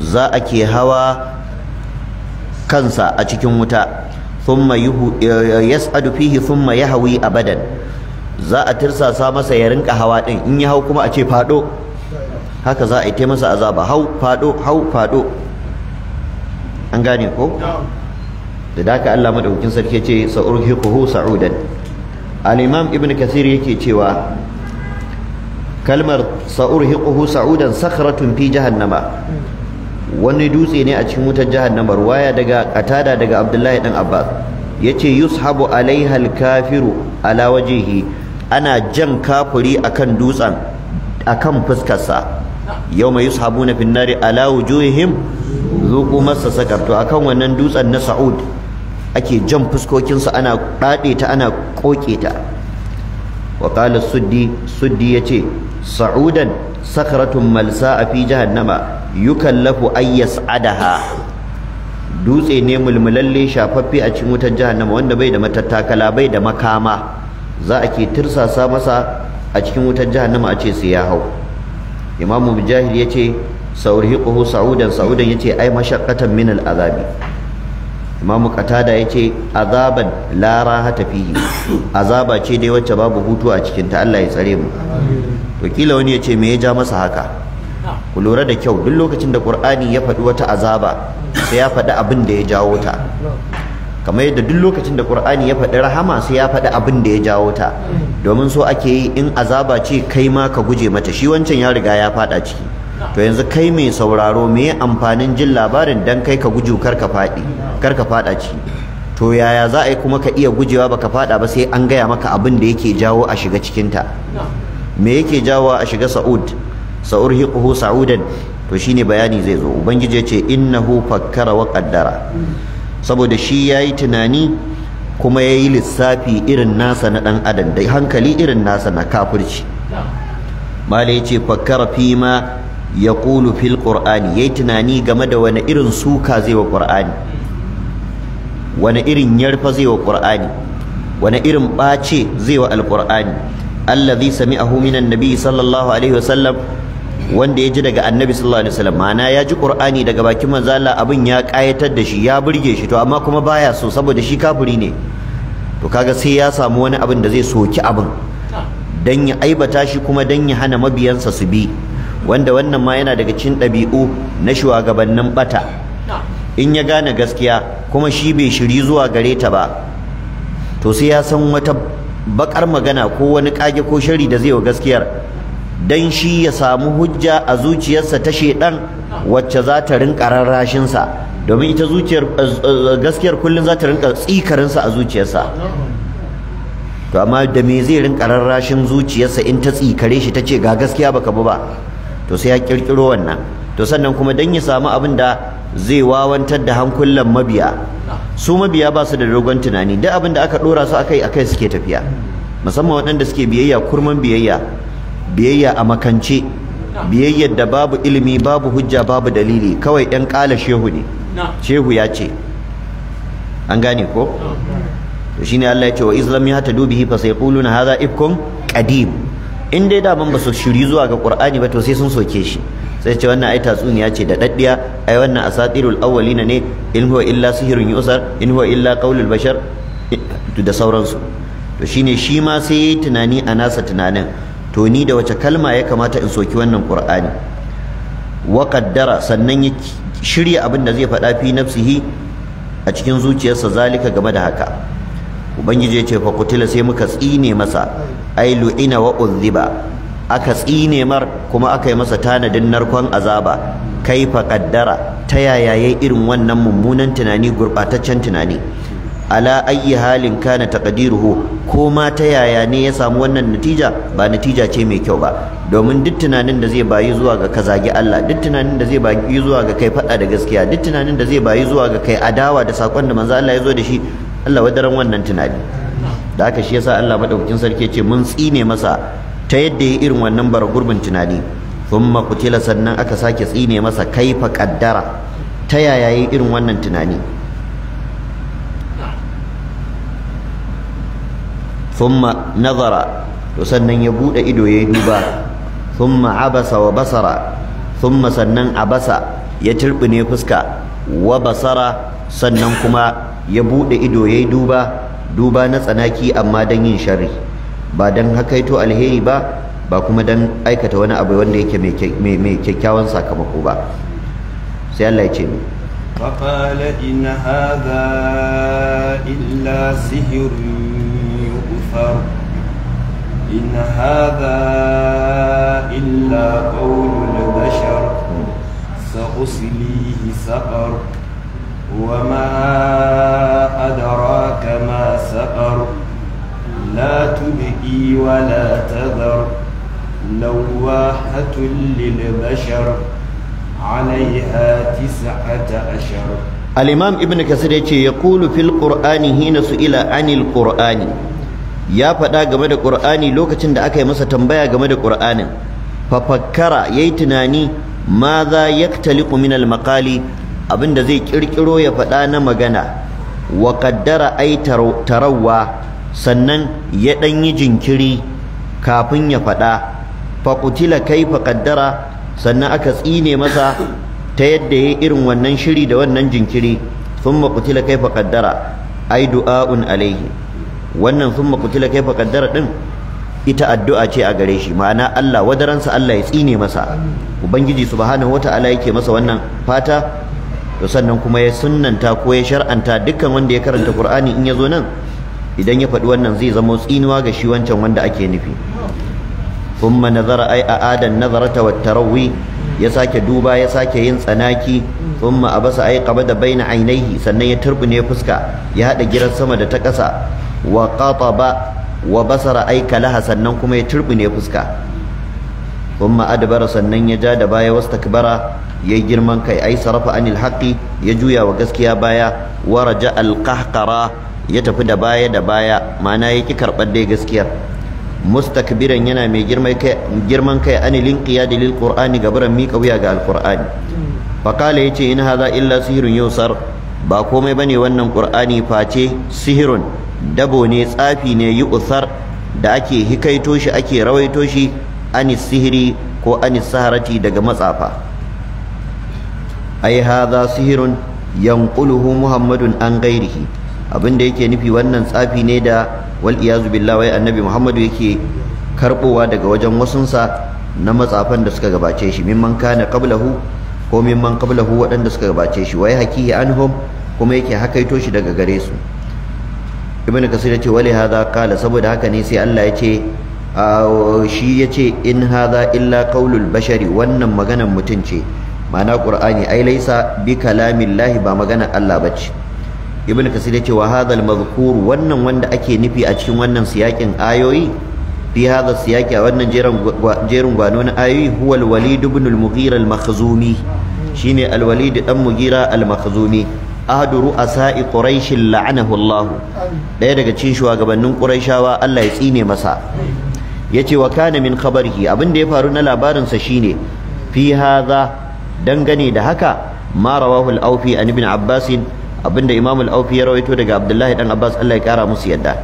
za a ke hawa kansa a cikin wuta thumma yuhu eh, yas'adu fihi thumma yahwi abadan za a tirsasa masa ya rinka hawa din in ya hau kuma a ce fado haka za a yi masa azaba hau fado hau fado an gane ko da daka Allah madaukakin sarki ce sa'urhiquhu sa'udan al-imam ibn kathir yake cewa kalmar sa'urhiquhu sa'udan sakhratun fi jahannama wani dutse ne a cikin wutar jahannama ruwaya daga katada daga abdullahi dan abbas yace yushabu alaiha al-kafiru ala wajhihi ana jan kafuri akan dutsen akan fuskarsa yawma yushabuna fin nari ala wujuhihim zuqu massa sakar to akan wannan dutsen na Sa'ud ake jan fuskokin ana dade ta ana koke ta wa qala suddi suddi yace sa'udan sakratun malsa'a fi jahannama yukallafu ayyas adaha!" dutse ne mulmulalle shafaffe a cikin wutar jahannama wanda bai da matattakala bai da makama za a ke tirsasa masa a cikin wutar jahannama a ce sai ya hau imamu mujahid ya ce saurihiquhu sa'udan sa'udan ya ce ai mashaqqatan min azabi. imamu Katada ya ce azaban la rahata fihi azaba ce dai wacce babu hutu a cikin ta Allah ya tsare mu to kila wani ya ce me ya ja masa haka ku lura da kyau duk lokacin da qur'ani ya faɗi wata azaba sai ya faɗi abin da ya jawo ta kamar yadda duk lokacin da Qur'ani ya faɗi rahama sai ya faɗi abin da ya jawo ta domin so ake yi in azaba ce kai ma ka guje mata shi wancan ya riga ya faɗa ciki to yanzu kai mai sauraro me amfanin jin labarin dan kai ka guju kar ka faɗi kar ka faɗa ciki to yaya za a yi kuma ka iya gujewa baka faɗa ba sai an gaya maka abin da yake jawo a shiga cikin ta me yake jawo a shiga sa'ud sa'urhiquhu sa'udan to shine bayani zai zo ubangiji ya ce innahu fakkara wa qaddara saboda shi yayi tunani kuma yayi lissafi irin nasa na ɗan adam da hankali irin nasa na kafirci malai yace fakkara fi ma ƙulu fil ya yayi tunani game da wani irin suka zai wa ƙur'ani, wani irin yarfa zai wa ƙur'ani, wani irin ɓace zai wa alqur'ani allazi sami'ahu minan nabi sallallahu alaihi wasallam wanda ya ji daga annabi sallallahu alaihi wasallam ma'ana ya ji qur'ani daga bakin manzo abin ya kayatar da shi ya burge shi to amma kuma baya so saboda shi kafiri ne to kaga sai ya samu wani abin da zai soki abin dan ya aibata shi kuma dan ya hana mabiyansa su bi wanda wannan ma yana daga cikin ɗabi'u na shugabannin bata in ya gane gaskiya kuma shi bai shiri zuwa gare ta ba to sai ya san wata bakar magana ko wani kage ko shari da zai wa gaskiyar dan shi ya samu hujja a zuciyarsa ta shedan wacce za ta rinka rarrashin sa domin ita zuciyar eh, eh, gaskiyar kullun za ta rinka tsikarin sa a zuciyarsa to amma da me zai rinka rarrashin zuciyarsa in ta tsikare shi tace ga gaskiya baka bu ba to sai ya kirkiro wannan to sannan kuma dan ya samu abin da zai wawantar da hankulan mabiya su mabiya ba su da dogon tunani duk abin da aka dora su akai akai suke tafiya musamman waɗanda suke biyayya kurman biyayya biyayya a makance biyayyar da babu ilimi babu hujja babu dalili kawai ɗan ƙala shehu ne shehu ya ce an gane ko to shine Allah ya ce wa islam ya ta dubihi fa sayquluna hadha ifkun qadim in dai da ban ba su shiri zuwa ga qur'ani ba to sai sun soke shi sai ce wannan ai tatsuniya ce da daddiya ai wannan asatirul awwalina ne in huwa illa sihrun yusar in huwa illa qaulul bashar da sauransu to shine shi ma sai yi tunani a nasa tunanin to ni da wace kalma ya kamata in soki wannan qur'ani wa qaddara sannan ya shirya abin da zai fada fi nafsihi a cikin zuciyarsa zalika game da haka ubangiji ya ce fa kutila sai muka tsine masa ai lu'ina wa udhiba aka tsine mar kuma aka yi masa tanadin narkon azaba kaifa qaddara ta yaya irin wannan mummunan tunani gurbataccen tunani ala ayi halin kana taqdiruhu ko ma ta yaya ne ya samu wannan natija ba natija ce mai kyau ba domin duk tunanin da zai bayi zuwa ga kazagi Allah duk tunanin da zai bayi zuwa ga kai fada da gaskiya duk tunanin da zai bayi zuwa ga kai adawa da sakon da manzo Allah ya zo da shi Allah wadaran wannan tunani da haka shi yasa Allah madaukakin sarki ce mun tsine masa ta yadda ya irin wannan bara gurbin tunani thumma qutila sannan aka sake tsine masa kaifa qaddara ta yaya yi irin wannan tunani thumma nazara to sannan ya bude ido yayi duba thumma abasa wa basara thumma sannan abasa ya turbine fuska wa basara sannan kuma ya buɗe ido yayi duba duba na tsanaki amma dan yin shari ba dan hakaito alheri ba ba kuma dan aikata wani abu wanda yake mai kyakkyawan sakamako ba sai Allah ya ce ni يسخر إن هذا إلا قول البشر سأصليه سقر وما أدراك ما سقر لا تبقي ولا تذر لواحة للبشر عليها تسعة أشر الإمام ابن كثير يقول في القرآن هنا سئل عن القرآن ya faɗa game da ƙur'ani lokacin da aka yi masa tambaya game da ƙur'anin fafakkara ya yayi tunani ma za yaktaliqu min al abinda zai ƙirƙiro ya faɗa na magana wa qaddara ay tarawwa sannan ya dan yi jinkiri kafin ya faɗa fa qutila kaifa qaddara sannan aka tsine masa ta yadda yayi irin wannan shiri da wannan jinkiri thumma qutila kaifa qaddara ay du'aun alaihi wannan sun makutila kai fa kaddara din ita addu'a ce a gare shi ma'ana Allah wadaransa Allah ya tsine masa ubangiji subhanahu wataala yake masa wannan fata to sannan kuma ya sunnanta ko ya shar'anta dukkan wanda ya karanta Qur'ani in yazo nan idan ya faɗi wannan zai zama tsinuwa ga shi wancan wanda ake nufi thumma nazara ay adan nazarata wat tarawi ya sake duba ya sake yin tsanaki thumma abasa ay qabada baina ainihi sannan ya turbine fuska ya hada giran sama da ta kasa wa qataba wa basara aika laha sannan kuma ya turbine fuska kuma adbara sannan ya ja da baya wastakbara ya girman kai ai sarafa anil haqqi ya juya wa gaskiya baya wa raja ya tafi da baya da baya ma'ana ya karbar dai gaskiyar mustakbiran yana mai girman kai girman kai anilin qiyadi lil qur'ani gabaran mika wuya ga Alƙur'ani. qur'ani ya ce ina hadha illa sihrun yusar ba komai bane wannan qur'ani face sihirun dabo ne tsafi ne yi usar da ake hikaito shi ake rawaito shi anis sihiri ko anis saharati daga matsafa ai hadha sihirun yanquluhu muhammadun an ghairihi abinda yake nufi wannan tsafi ne da wal iyazu wai annabi muhammadu yake karbowa daga wajen wasunsa na matsafan da suka gabace shi mimman kana qablahu ko mimman qablahu waɗanda suka gabace shi wai hakihi anhum kuma yake hakaito shi daga gare su ibnu kasir yace wali hadha qala saboda haka ne sai Allah yace shi yace in hadha illa qaulul bashari wannan maganan mutun ce ma'ana qur'ani ai laisa bi kalamillahi ba maganan Allah bace Ibn kasir yace wa hadha al wannan wanda ake nufi a cikin wannan siyakin ayoyi fi hadha siyaki a wannan jerin jerin gwano na ayoyi huwa al-walid ibn shine alwalidi dan mughira al ahadu ru'asa'i quraish la'anahu Allah daya daga cikin shugabannin quraishawa Allah ya tsine masa yace wa kana min khabarihi abinda ya faru na labarin sa shine fi hadha dangane da haka ma rawahu al-awfi an ibn abbas abinda imam al-awfi ya rawaito daga abdullahi dan abbas Allah ya kara musu yadda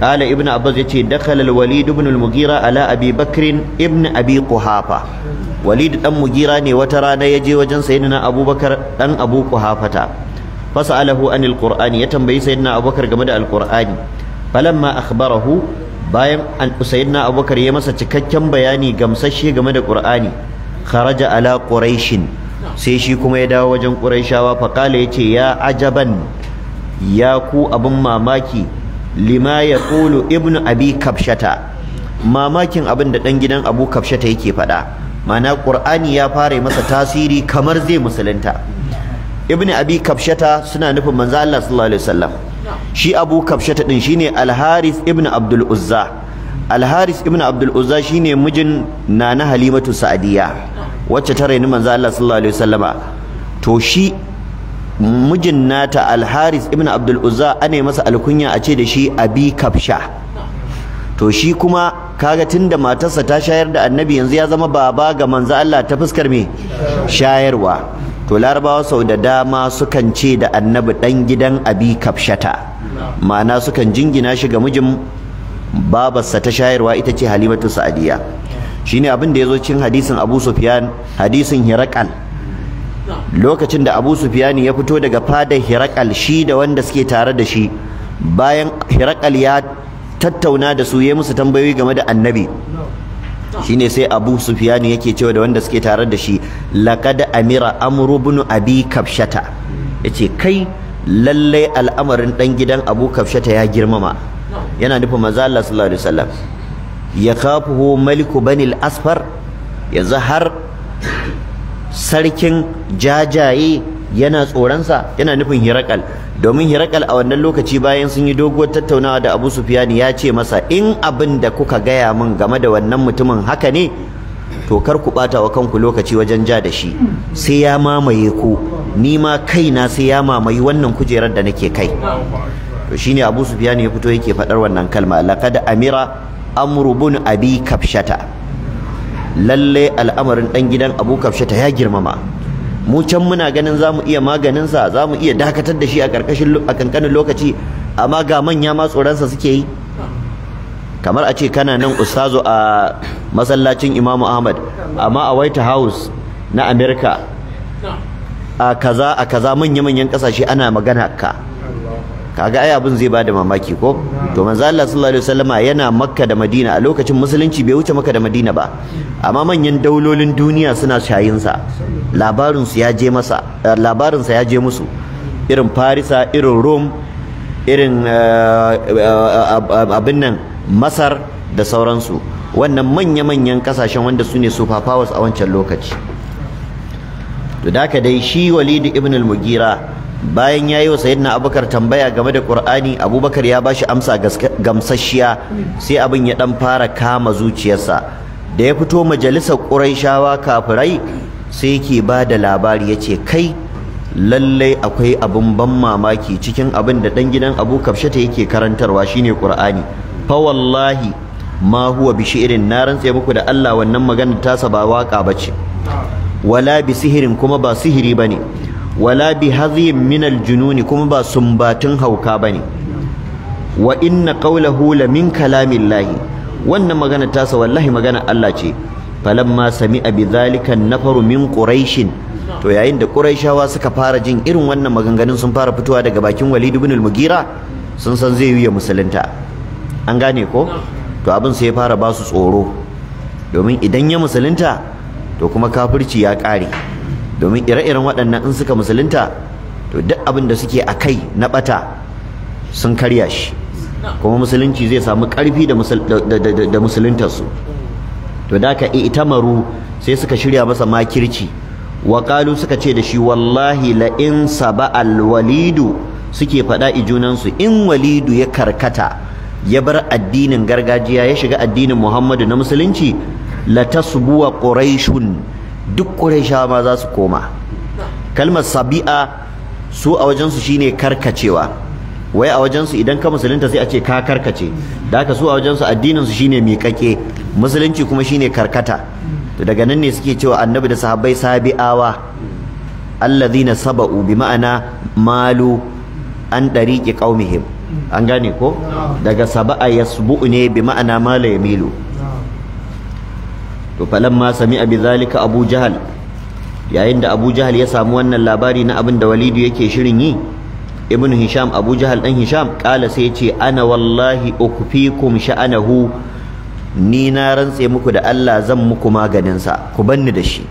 Kala ibn abbas yace dakhala al-walid ibn al-mughira ala abi bakr ibn abi quhafa walid dan mugira ne wata rana yaje wajen sayyidina abubakar dan abu quhafata fasalahu anil qur'ani ya tambayi sayyidina abubakar game da alqur'ani falamma akhbarahu bayan an sayyidina abubakar ya masa cikakken bayani gamsashe game da qur'ani kharaja ala quraishin sai shi kuma ya dawo wajen quraishawa fa qala yace ya ajaban ya ku abin mamaki lima yaqulu ibnu abi kabshata mamakin abin da dan gidan abu kabshata yake faɗa mana qur'ani ya fara masa tasiri kamar zai musulunta ibn abi kafshata suna nufin manzo Allah sallallahu alaihi wasallam shi abu kafshata din shine al haris ibn abdul uzza al haris ibn abdul uzza shine mijin nana halimatu sa'diya wacce ta raini manzo Allah sallallahu alaihi wasallam to shi mijin nata al haris ibn abdul uzza ane masa alkunya a ce da shi abi kafsha to shi kuma kaga tunda matarsa ta shayar da annabi yanzu ya zama baba ga manzo Allah ta fuskar me shayarwa to larabawa sau da dama sukan ce da annabi dan gidan abi kafshata ma'ana sukan jingina shi ga mijin babarsa ta shayarwa ita ce halimatu sa'adiya shine abin da zo cikin hadisin abu sufyan hadisin hirakal lokacin da abu sufyani ya fito daga fadar hirakal shi da wanda suke tare da shi bayan hirakal ya tattauna da su ya musu tambayoyi game da annabi shine sai Abu Sufyan yake cewa da wanda suke tare da shi laqad amira amru ibn abi kafshata yace kai lalle al'amarin dan gidan Abu kafshata ya girmama yana nufin manzo Allah sallallahu alaihi wasallam yakafuhu maliku banil asfar yanzu har sarkin jajaye yana tsoronsa yana nufin hirakal domin hirakal a wannan lokaci bayan sun yi doguwar tattaunawa da abu sufiyani ya ce masa in abin da kuka gaya mun game da wannan mutumin haka ne to kar ku bata wa kanku lokaci wajen ja da shi sai ya mamaye ku ni ma kaina sai ya mamayi wannan kujerar da nake kai to shine Abu Sufyan ya fito yake fadar wannan kalma laqad amira amru bun abi kafshata lalle al'amarin dan gidan Abu Kafshata ya girmama mu can muna ganin zamu iya maganin sa zamu iya dakatar da shi a karkashin a kankanin lokaci amma ga manya ma tsoron sa suke yi kamar a ce kana nan ustazo a masallacin Imam Ahmad amma a White House na America a kaza a kaza manya manyan kasashe ana magana ka kaga ai abin zai bada mamaki ko to manzo Allah sallallahu alaihi wasallam yana Makka da Madina a lokacin musulunci bai wuce Makka da Madina ba amma manyan daulolin duniya suna shayin sa labarin su ya je masa eh, labarin sa ya je musu irin Farisa irin Rome irin eh, eh, abin nan Masar da sauransu wannan manya-manyan kasashen wanda su ne super powers a wancan lokaci to da dai shi Walid ibn al-Mughira bayan ya yi wa sayyidina abubakar tambaya game da qur'ani abubakar ya bashi amsa gamsasshiya sai abin ya ɗan fara kama zuciyarsa da ya fito majalisar quraishawa kafirai sai yake ba da labari ce kai lallai akwai abin ban mamaki cikin abin da ɗan gidan Abu Kafshata yake karantarwa shine qur'ani fa wallahi ma huwa bi shi'rin na rantse muku da Allah wannan magana tasa ba waka bace wala bi sihirin kuma ba sihiri bane wala bi hadhim min aljununi kuma ba sumbatun hauka bane wa inna qawlahu la min kalamillahi wannan magana tasa wallahi magana Allah ce falamma sami'a bidhalika nafaru min quraish to yayin da quraishawa suka fara jin irin wannan maganganun sun fara fitowa daga bakin Walid ibn al-Mughira sun san zai yi musulunta an gane ko to abin sai ya fara ba su tsoro domin idan ya musulunta to kuma kafirci ya kare domin ire-iren waɗannan in suka musulunta to duk abin da suke a kai na bata sun karya shi kuma musulunci zai samu ƙarfi da musuluntarsu to da ka itamaru sai suka shirya masa makirci Wakalu suka ce da shi wallahi la in saba walidu suke faɗa junansu in walidu ya karkata ya bar addinin gargajiya ya shiga addinin muhammadu na musulunci la tasbuwa quraishun duk ƙurayshawa ma za su koma kalmar sabi'a su a wajen su shine karkacewa wai a wajen su idan ka musulunta sai a ce ka karkace da haka su a wajen addinin su shine miƙaƙe musulunci kuma shine karkata to daga nan ne suke cewa annabi da sahabbai sabi'awa alladhina saba'u bi ma'ana malu an dariqi qaumihim an gane ko daga saba'a yasbu'u ne bi ma'ana mala yamilu to falamma sami'a bidhalika abu jahal yayin da abu jahal ya samu wannan labari na abin da walidu yake shirin yi ibn hisham abu jahal dan hisham kala sai ce ana wallahi ukfikum sha'anahu ni na rantse muku da Allah zan muku maganin sa ku banni da shi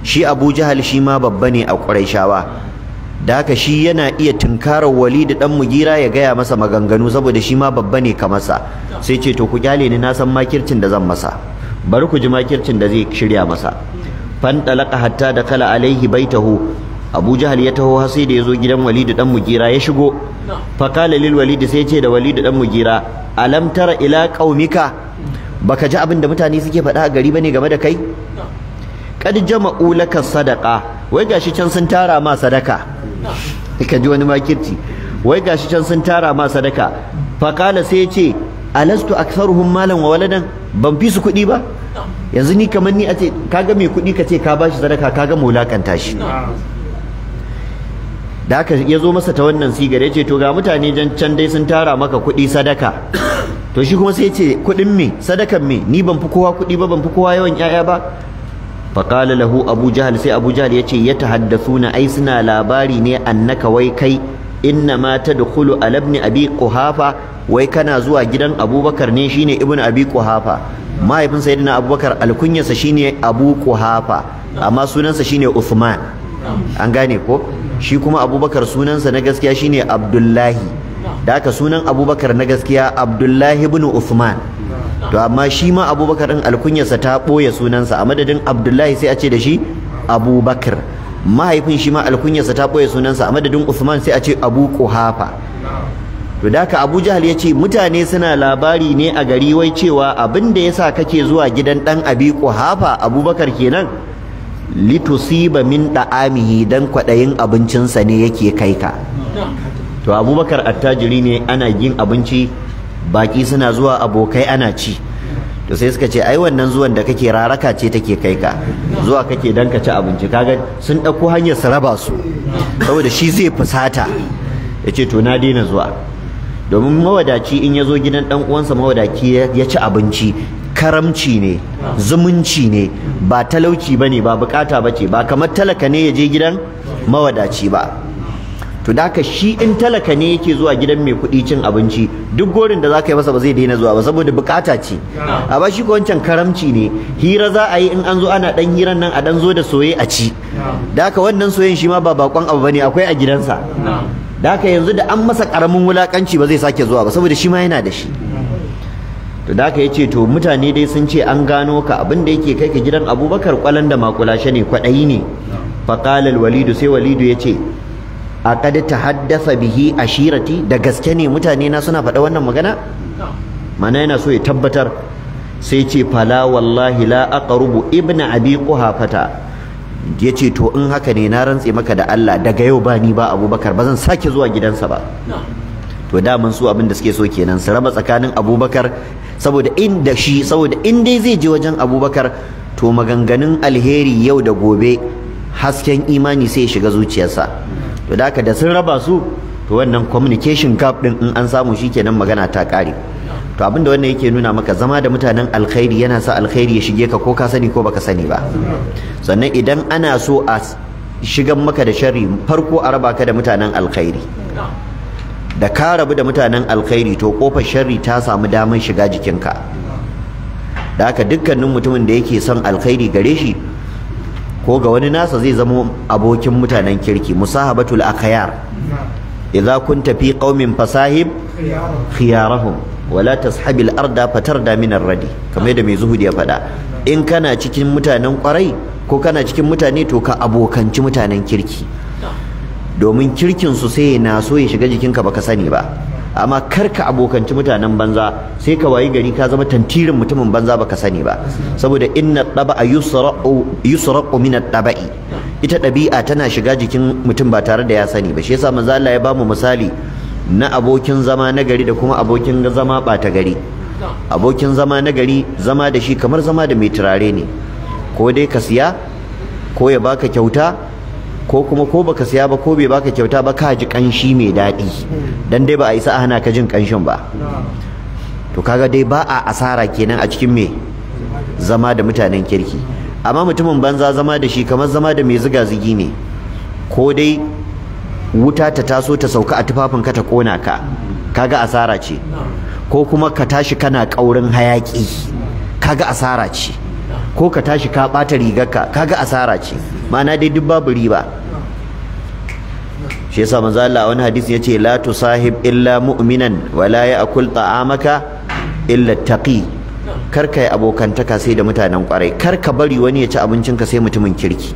shi abu jahal shi ma babba ne a quraishawa da haka shi yana iya tunkarar Walidu dan mugira ya gaya masa maganganu saboda shi ma babba ne kamar sa sai ce to ku kyale ni na san makircin da zan masa bari ku ji makircin da zai shirya masa fandalaka hatta da kala alaihi baitahu Abu Jahal ya taho har sai da yazo gidan Walid dan Mugira ya shigo fa kala lil Walid sai ce da Walid dan Mugira alam tara ila qaumika baka ji abin da mutane suke faɗa a gari bane game da kai kad jama'u laka sadaqa wai gashi can sun tara ma sadaka ka wani makirci wai gashi can sun tara ma sadaka fa kala sai ya ce alastu aktharuhum malan wa waladan ban fi su kuɗi ba yanzu ni kamar ni ace kaga mai kuɗi kace ka bashi sadaka kaga mulakanta shi da haka yazo masa ta wannan sigar yace to ga mutane jan can dai sun tara maka kuɗi sadaka to shi kuma sai yace ce me sadakan me ni ban fi kowa kuɗi ba ban fi kowa yawan 'ya'ya ba faƙala lahu abu jahal sai abu jahal ya ce ya na ai suna labari ne annaka wai kai inna ma tadkhulu kulu alabni abi quhafa wai kana zuwa gidan abubakar ne shine ibn abi kuhafa mahaifin sayyidina abubakar alkunyarsa shine abu kuhafa amma sunansa shine Usman, an gane ko shi kuma abubakar sunansa na gaskiya shine abdullahi da haka sunan abubakar na gaskiya abdullahi ibn Usman. to amma shi ma abubakar din alkunyarsa ta boye sunansa a madadin abdullahi sai a ce da shi abubakar mahaifin shi ma alkunyarsa ta boye sunansa a madadin Usman sai a ce abu kuhafa to da haka Abu Jahal ya ce mutane suna labari ne a gari wai cewa abin da yasa kake zuwa gidan dan Abi Quhafa Abubakar kenan litusiba min da'amihi dan kwaɗayin abincinsa ne yake kai ka to Abubakar attajiri ne ana yin abinci baki suna zuwa abokai ana ci to sai suka ce ai wannan zuwan da kake raraka ce take kai ka zuwa kake dan ka ci abinci kaga sun ɗauko hanyar su raba su saboda shi zai fusata yace to na daina zuwa domin mawadaci in ya zo gidan dan uwansa mawadaci ya ci abinci karamci ne zumunci ne ba talauci ne ba bukata ba ce ba kamar talaka ne ya je gidan mawadaci ba to daka shi in talaka ne yake zuwa gidan mai kuɗi cin abinci duk gorin da za ka yi masa ba zai daina zuwa ba saboda bukata ce a ba shi ko wancan karamci ne hira za a yi in an zo ana dan hiran nan a dan zo da soye a ci daka wannan soyayyen shi ma ba bakon abu bane akwai a gidansa da haka yanzu da an masa karamin wulakanci ba zai sake zuwa ba saboda shi ma yana da shi to da haka yace to mutane dai sun ce an gano ka abin da yake kai ka gidan Abubakar kwalan da makulashe ne kwadayi ne fa qala al-walid sai walid yace ta haddasa bihi ashirati da gaske ne mutane na suna faɗa wannan magana mana yana so ya tabbatar sai ce fala wallahi la aqrubu ibnu abi quhafata ya ce to in haka ne na rantse maka da Allah daga yau ba ni ba Abubakar ba zan sake zuwa gidansa ba to mun su abin da suke so kenan su raba tsakanin Abubakar saboda inda shi saboda in dai zai je wajen Abubakar to maganganun alheri yau da gobe hasken imani sai ya shiga zuciyarsa to da haka da sun raba su to wannan communication gap din in an samu shi shikenan magana ta kare to abinda wannan yake nuna maka zama da mutanen alkhairi yana sa alkhairi ya shige ka ko ka sani ko baka sani ba sannan idan ana so a shigan maka da sharri farko a raba ka da mutanen alkhairi da ka rabu da mutanen alkhairi to kofar sharri ta samu damar shiga jikinka da haka dukkanin mutumin da yake son alkhairi gare shi ko ga wani nasa zai zama abokin mutanen kirki musahabatul akhyar idza kunta fi qaumin fasahib khiyarahum wala tashabil arda fatarda min ar-radi kamar yadda mai zuhudi ya faɗa in kana cikin mutanen kwarai ko kana cikin mutane to ka abokanci mutanen kirki domin kirkin su sai na so ya shiga jikinka baka sani ba amma kar ka abokanci mutanen banza sai ka wayi gari ka zama tantirin mutumin banza baka sani ba saboda inna daba'a yusra'u yusra'u min ad-daba'i ita ɗabi'a tana shiga jikin mutum ba tare da ya sani ba shi yasa manzo Allah ya bamu misali na abokin zama na gari da kuma abokin zama ɓata gari abokin zama na gari zama da shi kamar zama da mai turare ne ko dai ka siya ko ya baka kyauta ko kuma ko baka siya ba ko bai baka kyauta ba ka ji kanshi mai daɗi dan dai ba a isa a hana ka jin kanshin ba to kaga dai ba a asara kenan a cikin me zama da mutanen kirki amma mutumin banza zama da shi kamar zama da mai zuga zigi ne ko dai wuta ta taso ta sauka a tufafin ka ta kona ka kaga asara ce ko kuma ka tashi kana kaurin hayaki kaga asara ce ko ka tashi ka bata rigarka kaga asara ce ma'ana dai duk babu riba shi yasa manzo Allah wani hadisi yace la tusahib illa mu'minan wala ya'kul ta'amaka illa taqi kar ka yi abokantaka sai da mutanen kwarai kar ka bari wani ya ci abincinka sai mutumin kirki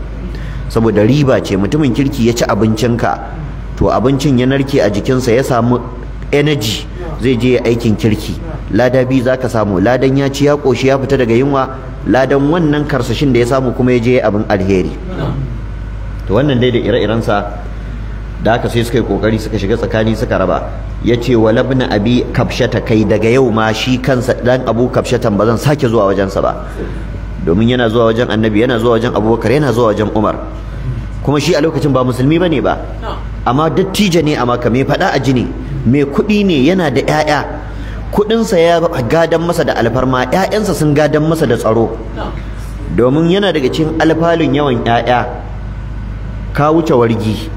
saboda riba ce mutumin kirki ya ci abincin ka to abincin ya narke a jikin sa ya samu energy zai je aikin kirki lada bi zaka samu ladan ya ci ya koshi ya fita daga yunwa ladan wannan karsashin da ya samu kuma ya je abin alheri to wannan dai da ire-irensa da haka sai suka yi kokari suka shiga tsakani suka raba ya yace walabna abi kabshata kai daga yau ma shi kansa dan abu kabshatan ba zan sake zuwa wajensa ba domin yana zuwa wajen annabi yana zuwa wajen abubakar yana zuwa wajen umar kuma shi a lokacin ba musulmi bane ba amma dattijo ne amma ka mai fada a jini mai kuɗi ne yana da 'ya'ya kuɗinsa ya gadan masa da alfarma 'ya'yansa sun gadan masa da tsaro domin yana daga cikin alfalun yawan 'ya'ya ka wuce wargi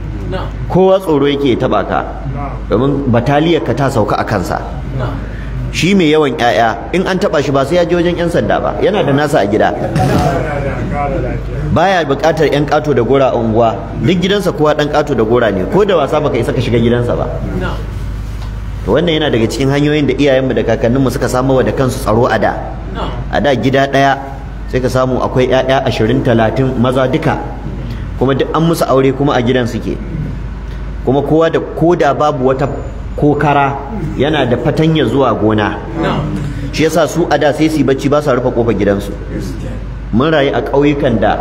kowa tsoro yake taba ka domin bataliyar ka ta sauka a kansa shi mai yawan 'ya'ya, in an taba shi ba sai ya je wajen 'yan sanda ba yana da nasa a gida baya buƙatar 'yan ƙato da gora a unguwa duk gidansa kowa ɗan ƙato da gora ne ko da wasa baka isa ka shiga gidansa ba to wannan yana daga cikin hanyoyin da iyayenmu da kakanninmu suka samu wa da kansu tsaro a da a da gida ɗaya sai ka samu akwai 'ya'ya ashirin talatin maza duka kuma duk an musu aure kuma a gidan suke kuma kowa da koda babu wata kokara yana da fatanya zuwa gona shi yasa su a da sai su bacci ba su rufe kofar gidansu mun rayu a ƙauyukan da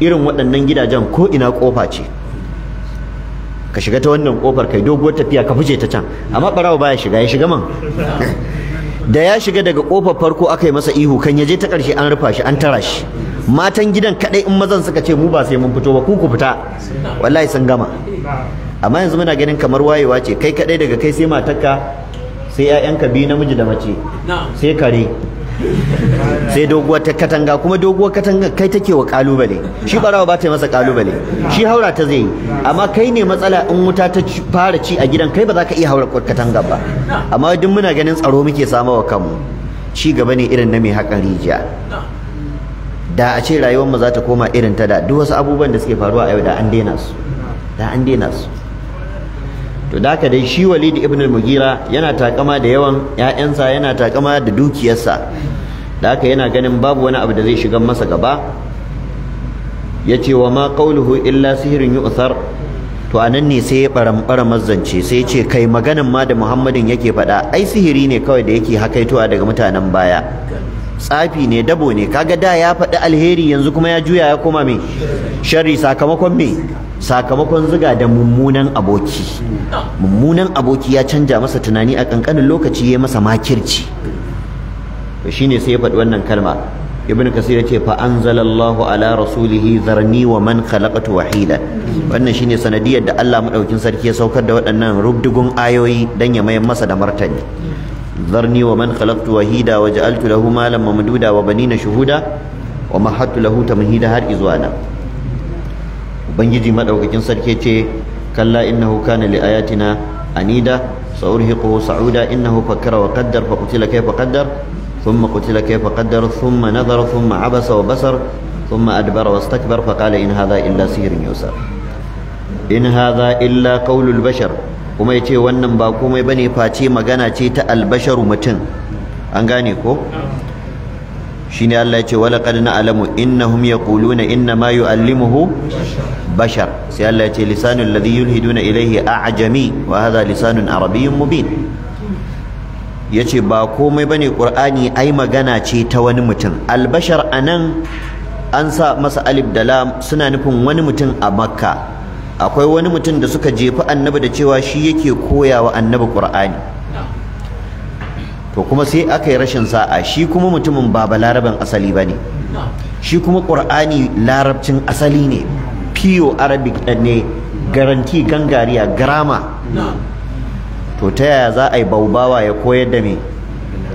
irin waɗannan gidajen ko ina kofa ce ka shiga ta wannan kofar kai doguwar tafiya ka fice ta can amma barawa baya shiga ya shiga man da ya shiga daga kofar farko aka yi masa ihu kan ya je ta ƙarshe an rufa shi an tara shi matan gidan kaɗai in mazan suka ce mu ba sai mun fito ba ku ku fita wallahi sun gama amma yanzu muna ganin kamar wayewa ce kai kadai daga kai sai matarka sai ƴaƴanka biyu namiji da mace sai kare sai doguwar ta katanga kuma doguwar katanga kai take wa kalubale shi barawa ba ta masa kalubale shi haura ta zai yi amma kai ne matsala in wuta ta fara ci a gidan kai ba za ka iya haura katanga ba amma duk muna ganin tsaro muke samawa kanmu ci gaba ne irin na mai haƙa rijiya da a ce rayuwar mu za ta koma irin ta da duk wasu abubuwan da suke faruwa a yau da an daina su da an daina su to da haka dai shi Walidu ibn al mugira yana takama da yawan ƴaƴansa yana takama da dukiyarsa da haka yana ganin babu wani abu da zai shiga masa gaba yace wa ma qawluhu illa sihrun yu'thar to anan ne sai ya baramɓara mazzance sai ya ce kai maganan ma da Muhammadin yake faɗa ai sihiri ne kawai da yake hakaitowa daga mutanen baya tsafi ne dabo ne kaga da ya faɗi alheri yanzu kuma ya juya ya koma me sharri sakamakon me sakamakon zuga da mummunan aboki mummunan aboki ya canja masa tunani a kankanin lokaci ya masa makirci to shine sai ya faɗi wannan kalma ibn kasir ya ce fa anzalallahu ala rasulihi zarni wa man khalaqtu wahida wannan shine sanadiyar da Allah madaukin sarki ya saukar da waɗannan rubdugun ayoyi dan ya mayar masa da martani ذرني ومن خلقت وهيدا وجعلت له مالا ممدودا وبنين شهودا ومهدت له تمهيدا هر إزوانا وبنجي مدعو كتن سركيتي كلا إنه كان لآياتنا أنيدا سأرهقه صعودا إنه فكر وقدر فقتل كيف قدر ثم قتل كيف قدر ثم نظر ثم عبس وبصر ثم أدبر واستكبر فقال إن هذا إلا سير يسر إن هذا إلا قول البشر kuma yace wannan ba komai bane face magana ce ta albasharu mutum an gane ko shine Allah yace walaqad na'lamu innahum yaquluna inna ma yu'allimuhu bashar sai Allah yace lisanul ladhi yulhiduna ilayhi a'jami wa hadha lisanun arabiyyun mubin yace ba komai bane qur'ani ai magana ce ta wani mutum albashar anan an sa masa alif da lam suna nufin wani mutum a makka akwai wani mutum da suka jefi annabi da cewa shi yake koyawa annabi qur'ani to kuma sai aka yi rashin sa'a shi kuma mutumin ba ba balarabin asali bane shi kuma qur'ani larabcin asali ne pure arabic ne garanti gangariya grama to ta yaya za a yi baubawa ya koyar da me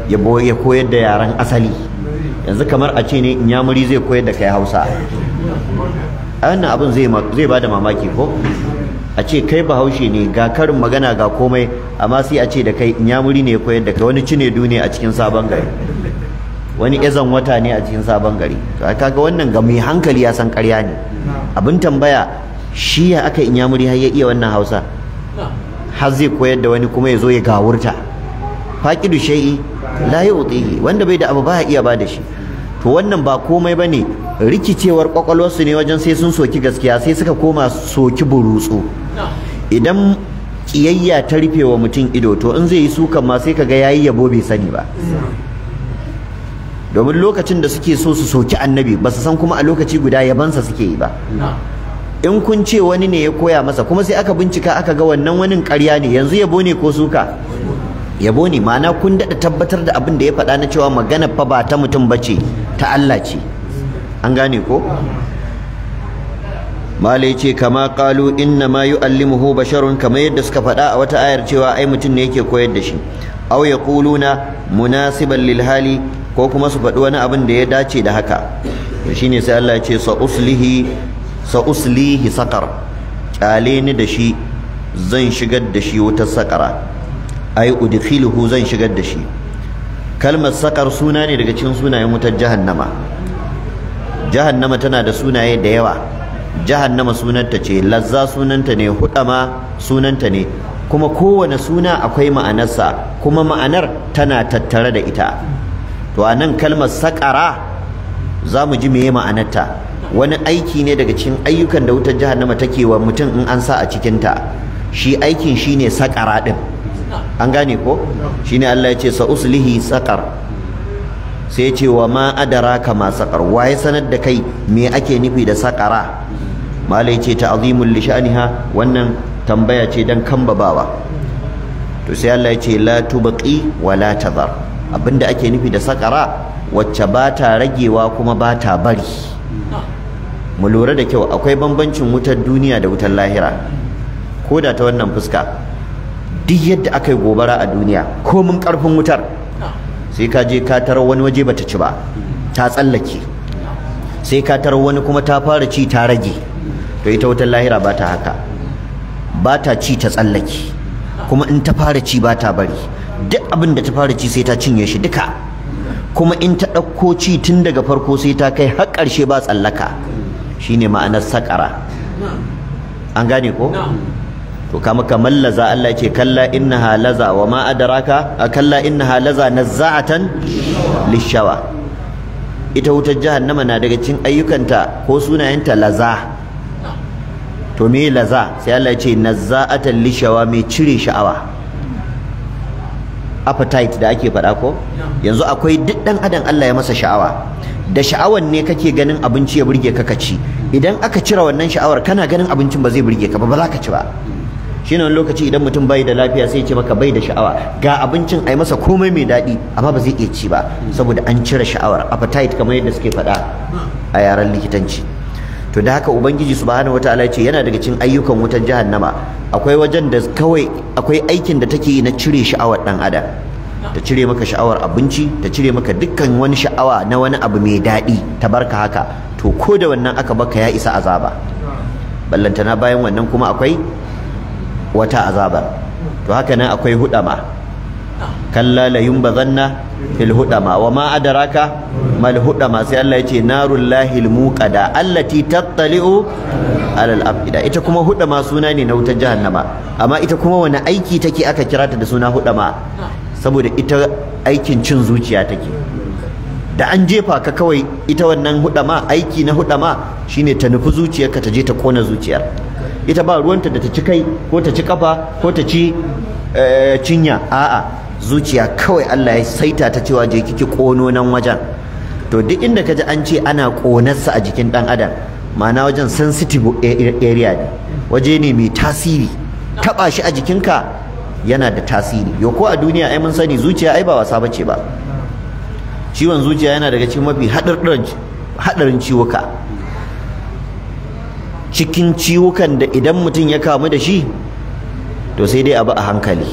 ya koyar da yaren asali yanzu kamar a ce ne inyamuri zai koyar da kai hausa a wannan abin zai ba da mamaki ko a ce kai bahaushe ne ga karin magana ga komai amma sai a ce da kai nyamuri ne koyar da wani cinedu ne a cikin sabon gari wani izan wata ne a cikin sabon gari kaga wannan ga mai hankali ya san karya ne abin tambaya shi ya aka nyamuri har ya iya wannan hausa har zai koyar da wani kuma ya zo ya gawurta faqidu shay'i la yu'tihi wanda bai da abu ba a iya ba da shi to wannan ba komai bane rikicewar su ne wajen sai sun soki gaskiya sai suka koma soki burutsu idan kiyayya ta rufe wa mutum ido to in zai yi sukan ma sai kaga yayi yabo bai sani ba domin lokacin da suke so su soki annabi ba su san kuma a lokaci guda yabansa suke yi ba in kun ce wani ne ya koya masa kuma sai aka bincika aka ga wannan wani ƙarya ne yanzu yabo ne ko suka yabo ne ma'ana kun daɗa tabbatar da abin da ya faɗa na cewa magana fa ba ta mutum ba ce ta Allah ce an gane ko malai ce kama kalu inna ma yu'allimuhu basharun kamar yadda suka faɗa a wata ayar cewa ai mutum ne yake koyar da shi aw yaquluna munasiban lil hali ko kuma su faɗi wani abin da ya dace da haka to shine sai Allah ce sa uslihi sa uslihi ni da shi zan shigar da shi wutar sakara ai udkhiluhu zan shigar da shi kalmar sakar suna ne daga cikin sunayen wutar jahannama jahannama tana da sunaye da yawa jahannama sunanta ce lazza sunanta ne hudama sunanta ne kuma kowane suna akwai ma'anarsa kuma ma'anar tana tattare da ita to anan kalmar sakara zamu mu ji meye ma'anarta wani aiki ne daga cikin ayyukan da wutar jahannama take wa mutum in an sa a cikinta shi aikin shine sakara din an gane ko shine Allah ya ce sa uslihi saqar sai ya ce wa ma adraka ma saqar waye sanar da kai me ake nufi da saqara malai ce ta'zimul lishaniha wannan tambaya ce dan kambabawa to sai Allah ya ce la tubqi wa la tadhar abinda ake nufi da saqara wacce ba ta ragewa kuma ba ta bari mu lura da kyau akwai bambancin wutar duniya da wutar lahira ko da ta wannan fuska duk yadda aka yi gobara a duniya komin karfin wutar sai ka je ka tarar wani waje bata ci ba ta tsallake sai ka tarar wani kuma ta fara ci ta rage to ita wutar lahira bata haka bata ci ta tsallake kuma in ta fara ci bata bari duk abin da ta fara ci sai ta cinye shi duka kuma in ta ɗauko ci tun daga farko sai ta kai har ƙarshe ba tsallaka shine ma'anar sakara an gane ko to kama kamar laza Allah ce kalla innaha laza wa ma adraka kalla innaha laza nazza'atan lishawa ita wutar jahannama na daga cikin ayyukanta ko sunayenta laza to me laza sai Allah yake lishawa mai cire sha'awa appetite da ake faɗa ko yanzu akwai duk ɗan adam Allah ya masa sha'awa da sha'awan ne kake ganin abinci ya burge ka ka ci idan aka cire wannan sha'awar kana ganin abincin ba zai burge ka ba ba za ka ci ba shine wani lokaci idan mutum bai da lafiya sai ya ce maka bai da sha'awa ga abincin ai masa komai mai daɗi amma ba zai iya ci ba saboda an cire sha'awar appetite kamar yadda suke faɗa a yaren likitanci to da haka ubangiji subhanahu wataala ya ce yana daga cikin ayyukan wutar jahannama akwai wajen da kawai akwai aikin da take yi na cire sha'awar dan adam ta cire maka sha'awar abinci ta cire maka dukkan wani sha'awa na wani abu mai daɗi ta barka haka to ko da wannan aka baka ya isa azaba ballantana bayan wannan kuma akwai wata azabar to haka nan akwai hudama kalla la yumbazanna fil hudama wa ma adraka mal hudama sai Allah yace narul lahil muqada allati tattali'u alal afida ita kuma hudama suna ne na wutar jahannama amma ita kuma wani aiki take aka kira ta da suna hudama saboda ita aikin cin zuciya take da an jefa ka kawai ita wannan hudama aiki na hudama shine ta nufi zuciyarka ta je ta kona zuciyar ita ba ruwanta da ta ci kai ko ta ci kafa ko ta ci eh, cinya a'a zuciya kawai Allah ya saita ta cewa je kike kono nan wajen to duk inda kaji an ce ana konarsa a jikin dan adam ma'ana wajen sensitive area ne waje ne mai tasiri taba shi a jikin ka yana da tasiri yo ko a duniya ai mun sani zuciya ai ba wasa bace ba ciwon zuciya yana daga cikin mafi hadarin ciwuka cikin ciwukan da idan mutum ya kamu da shi to sai dai abu a hankali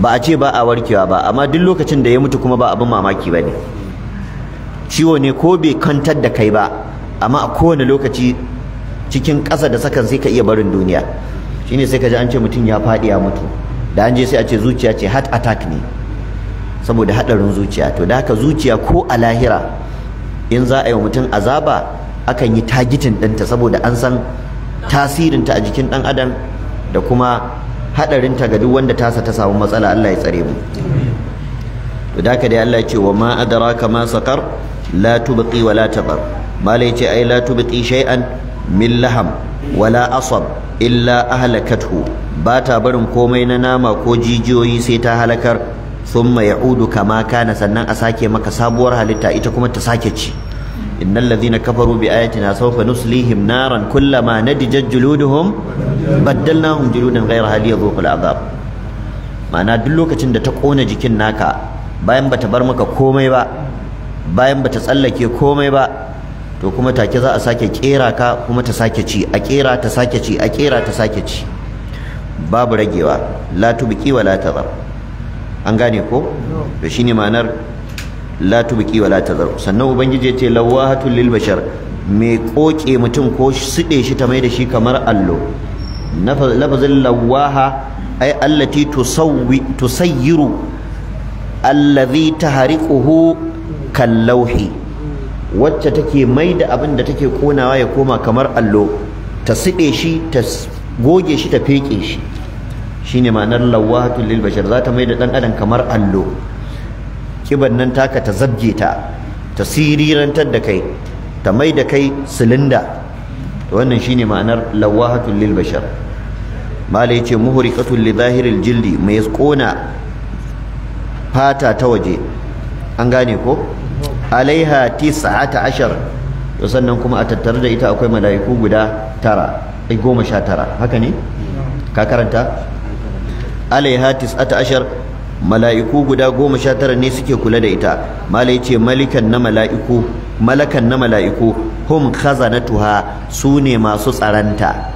ba a ce ba a warkewa ba amma duk lokacin da ya mutu kuma ba abin mamaki ba ne ciwo ne ko bai kwantar da kai ba amma a kowane lokaci cikin ƙasa da sakan sai ka iya barin duniya shine sai ka ji an ce mutum ya faɗi ya mutu da an je sai a ce zuciya ce heart attack ne saboda haɗarin zuciya to da haka zuciya ko a lahira in za a yi wa mutum azaba akan yi tagitin ɗinta saboda an san tasirinta a jikin ɗan adam da kuma haɗarinta ga duk wanda tasa ta samu matsala Allah ya tsare mu to da dai Allah ya ce wa ma adraka ma saqar la tubqi wa la tabar mala ya ce ai la tubqi shay'an min laham wala asab illa ahlakathu ba ta barin komai na nama ko jijiyoyi sai ta halakar thumma ya'udu kama kana sannan a sake maka sabuwar halitta ita kuma ta sake ci Innan ladhina kafaru bi na sawfa nuslihim naran kullama nadijat juluduhum baddalnahum juludan ghayraha liyadhuqul adhab ma'ana duk lokacin da ta kona jikin naka bayan bata bar maka komai ba bayan bata tsallake komai ba to kuma take za a sake kera ka kuma ta sake ci a kera ta sake ci a kera ta sake ci babu ragewa la tubqi wa an gane ko to shine ma'anar la tubqi wa la tadhar sannan ubangiji ya ce lawahatul lil bashar mai koke mutum ko sude shi ta mai da shi kamar allo lafazin lawaha ay allati tusawwi tusayyiru allazi tahriquhu lawhi wacce take mai da abin da take konawa ya koma kamar allo ta sude shi ta goge shi ta feƙe shi shine ma'anar lawahatul lil bashar za ta mai da ɗan adam kamar allo kiban nan taka ta zabge ta ta sirirantar da kai ta mai da kai silinda wannan shine ma'anar lawahatul lil bashar mala yace muhriqatul li zahiril jildi mai kona fata ta waje an gane ko alaiha tis'ata ashar to sannan kuma a tattare da ita akwai mala'iku guda tara ai goma sha tara haka ne ka karanta alaiha tis'ata ashar mala'iku guda goma sha tara ne suke kula da ita mala ce malikan na mala'iku malakan na mala'iku hum khazanatuha sune masu tsaranta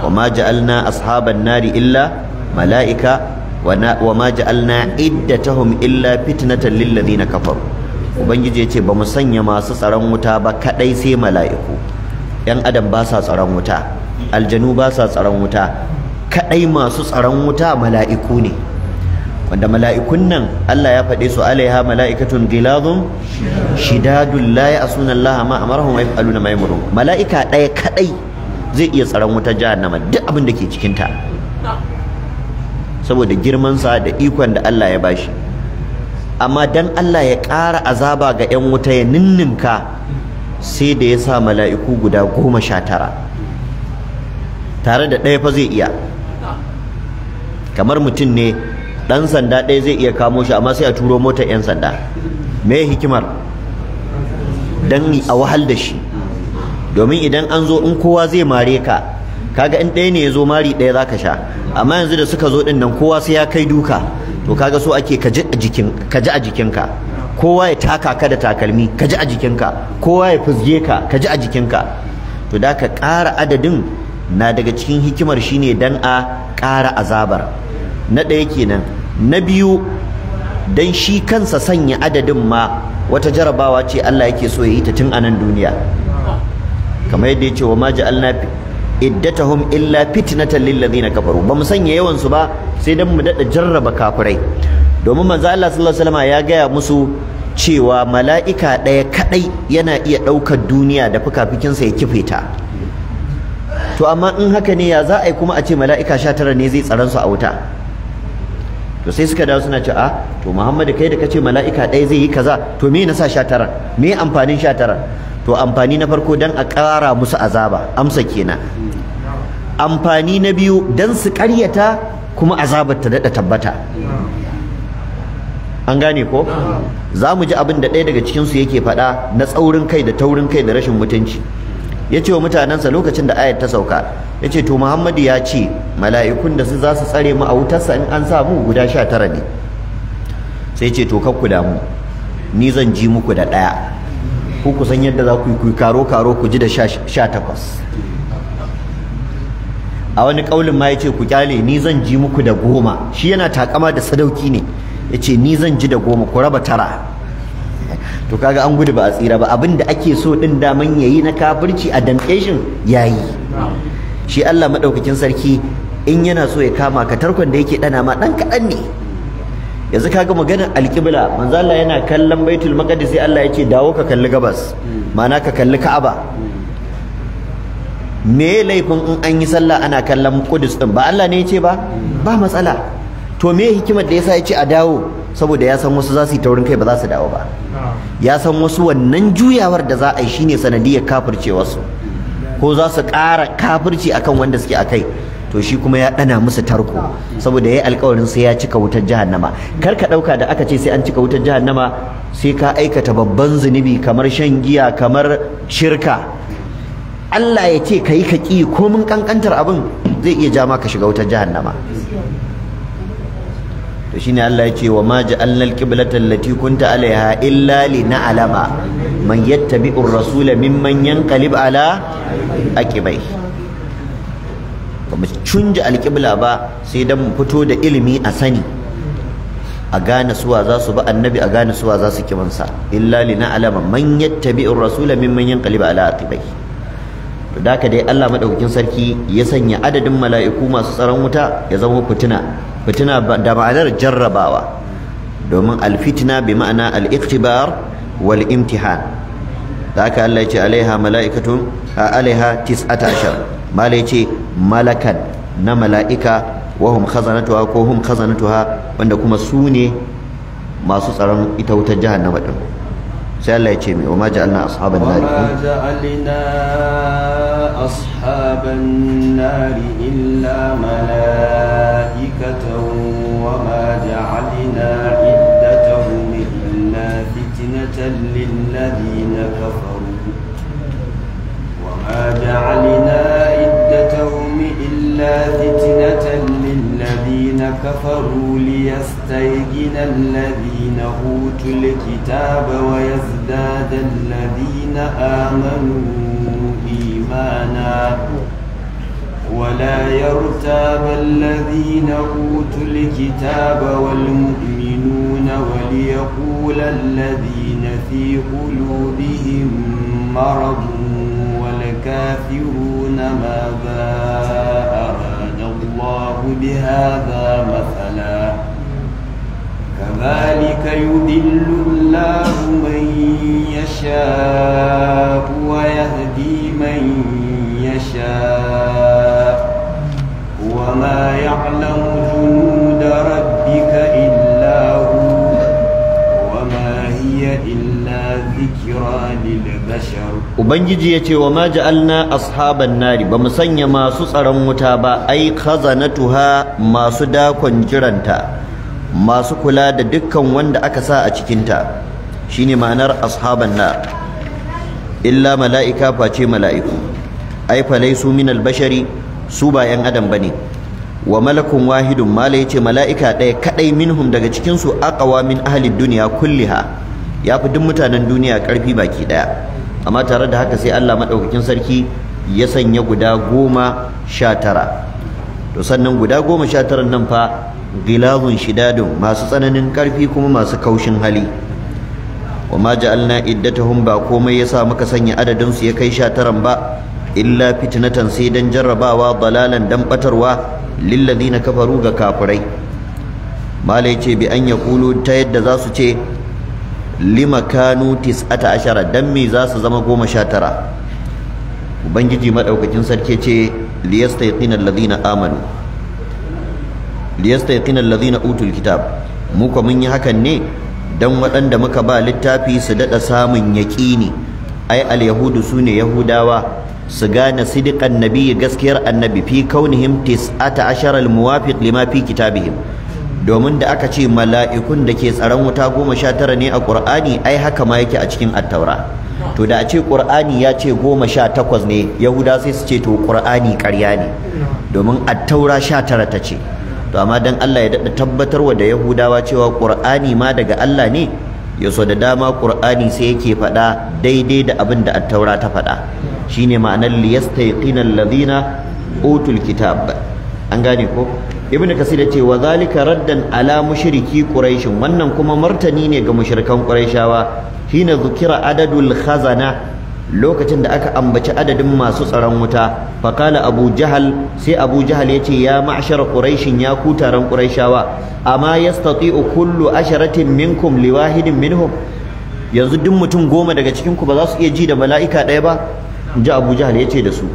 wa ma ja'alna ashaban nari illa mala'ika Wa ma ja'alna iddatahum illa fitnatan lil ladina kafaru ubangiji yace bamu sanya masu tsaron wuta ba kadai sai mala'iku yan adam ba sa tsaron wuta aljanu ba sa tsaron wuta kadai masu tsaron wuta mala'iku ne wanda mala'ikun nan Allah ya faɗe su alaiha mala'ikatun giladun shidadun la ya'suna Allah ma amarahum wa yaf'aluna ma yamurun mala'ika ɗaya kaɗai zai iya tsaron wutar jahannama duk abin da ke cikin ta saboda girman sa da ikon da Allah ya bashi amma dan Allah ya ƙara azaba ga 'yan wuta ya ninninka sai da ya sa mala'iku guda goma sha tara tare da ɗaya fa zai iya kamar mutum ne dan sanda ɗaya zai iya kamo shi amma sai a turo motar yan sanda me hikimar dan a wahal da shi domin idan an zo in kowa zai mare ka kaga in ɗaya ne ya zo mari ɗaya zaka sha amma yanzu da suka zo ɗin nan kowa sai ya kai duka to kaga so ake ka a jikin ka ji a jikinka kowa ya taka ka da takalmi ka ji a jikinka kowa ya fuzge ka ka ji a jikinka to da ka ƙara adadin na daga cikin hikimar shine dan a ƙara azabar na ɗaya kenan na biyu dan shi kansa sanya adadin ma wata jarabawa ce Allah yake so ya yi ta tun a nan duniya kamar yadda ya ce wa ma ja'alna iddatahum illa fitnatan lil ladina kafaru ba mu sanya yawan su ba sai dan mu dada jarraba kafirai domin manzo Allah sallallahu alaihi wasallam ya gaya musu cewa mala'ika ɗaya kadai yana iya ɗaukar duniya da fikafikinsa sa ya kife ta to amma in haka ne ya za a yi kuma a ce mala'ika 19 ne zai tsaran su a wuta to sai suka dawo suna ce a ah, to Muhammadu kai da kace mala'ika ɗaya zai yi kaza to me nasa sha tara me amfanin sha tara to amfani na farko dan a ƙara musu azaba amsa kenan amfani na biyu dan su ƙaryata kuma azabar ta daɗa tabbata an gane ko za mu ji abin da ɗaya daga cikinsu yake faɗa na tsaurin kai da taurin kai da rashin mutunci ya ce wa mutanensa lokacin da ayat ta sauka yace to Muhammadu ya ce mala'ikun da su za su tsare mu a wutarsa in an samu guda sha tara ne sai ce to kakku damu ni zan ji muku da ɗaya ku kusan yadda za ku yi karo karo ku ji da sha takwas a wani kaulin ma yace ku kyale ni zan ji muku da goma shi yana takama da sadauki ne yace ni zan ji da goma ku raba tara to kaga an gudu ba a tsira ba abinda ake so din daman yayi na kafirci a damkeshin yayi shi Allah madaukakin sarki in yana so ya kama ka tarkon da yake dana ma dan kadan ne yanzu kaga maganar alqibla manzo Allah yana kallon baitul maqdis sai Allah yake dawo ka kalli gabas ma'ana ka kalli ka'aba me laifin in an yi sallah ana kallon kudus din ba Allah ne ya ba ba matsala to me hikimar da yasa ya ce a dawo saboda ya san wasu za su yi taurin kai ba za su dawo ba ya san wasu wannan juyawar da za a yi shine sanadiyar kafirce wasu ko za su ƙara kafirci akan wanda suke akai to shi kuma ya ɗana musu tarko saboda yayi alƙawarin sai ya cika wutar jahannama kar ka ɗauka da aka ce sai an cika wutar jahannama sai ka aikata babban zunubi kamar shan giya kamar shirka Allah ya ce ka yi ka ƙi komin ƙanƙantar abin zai iya ja ka shiga wutar jahannama to shine Allah ya ce wa ma ja'alna al-qiblata allati kunta alaiha illa lina'lama man yattabi'ur rasula mimman yanqalib ala aqibai ba mu cunja al-qibla ba sai dan mu fito da ilimi a sani a gane suwa za su ba annabi a gane suwa za su kibansa illa lina'lama man yattabi'ur rasula mimman yanqalib ala aqibai to da dai Allah madaukakin sarki ya sanya adadin mala'iku masu tsaron wuta ya zama fitina fitina da ma'anar jarrabawa domin alfitina bi ma'ana al iqtibar wal imtihan haka Allah ya ce alaiha a alaiha 19 mala ya ce malakan na mala'ika wahum khazanatuha ko hum khazanatuha wanda kuma su ne masu tsaron ita wutar jahannama din سأل الله يتشمي وما جعلنا أصحاب النار وما جعلنا أصحاب النار إلا ملائكة وما جعلنا عدتهم إلا فتنة للذين كفروا وما جعلنا عدتهم إلا فتنة للذين كفروا ليستيقن الذين أوتوا الكتاب ويزداد الذين آمنوا إيمانا ولا يرتاب الذين أوتوا الكتاب والمؤمنون وليقول الذين في قلوبهم مرض والكافرون ماذا الله بهذا مثلا كذلك يضل الله من يشاء ويهدي من يشاء وما يعلم جنود ربك إلا هو وما هي إلا Ubangiji ya ce wa ma ja'alna ashaban nari ba mu sanya masu tsaron wuta ba ai tuha masu dakon jiranta masu kula da dukkan wanda aka sa a cikinta shine ma'anar ashaban na. illa mala'ika face mala'iku ai falai su min albashari su ba yan adam bane wa malakun wahidun mala yace mala'ika ɗaya kadai minhum daga cikinsu su aqwa min duniya kulliha ya fi duk mutanen duniya karfi baki ɗaya, amma tare da haka sai Allah madaukakin sarki ya sanya guda goma sha tara to sannan guda goma sha tara nan fa gilazun shidadun masu tsananin karfi kuma masu kaushin hali wa ma ja'alna iddatahum ba komai yasa muka sanya adadin su ya kai sha taran ba illa fitnatan sai dan jarrabawa dalalan dan batarwa lil ladina kafaru ga kafirai malai ce bi an yaqulu ta yadda za su ce lima kanu tis'ata ashara dan me za su zama goma sha tara ubangiji madaukakin sarki ce liyastayqina alladhina amanu liyastayqina alladhina utul kitab mu mun yi hakan ne dan waɗanda muka ba littafi su daɗa samun yaqini ai alyahudu sune yahudawa su gane sidiqan nabiyyi gaskiyar annabi fi kaunihim tis'ata ashara almuwafiq lima fi kitabihim domin da aka ce mala'ikun da ke tsaron wuta goma sha tara ne a ƙur'ani ai haka ma yake a cikin attaura to da a ce ƙur'ani ya ce goma sha takwas ne yahuda sai su ce to ƙur'ani ƙarya ne domin attaura sha tara ta ce to amma don Allah ya daɗa tabbatar wa da yahudawa cewa ƙur'ani ma daga Allah ne ya so da dama ƙur'ani sai yake faɗa daidai da abin da attaura ta faɗa shine ma'anar liyastayqina alladhina utul kitab an gane ko ibnu kasir yace wa zalika raddan ala mushriki quraish wannan kuma martani ne ga mushrikan quraishawa hina zukira adadul khazana lokacin da aka ambaci adadin masu tsaron wuta fakala abu jahal sai abu jahal ya ce ya ma'ashar quraish ya ku taron quraishawa amma yastati'u kullu asharatin minkum liwahidin minhum yanzu duk mutum goma daga cikin ku ba za su iya ji da mala'ika daya ba ji abu jahal ya ce da su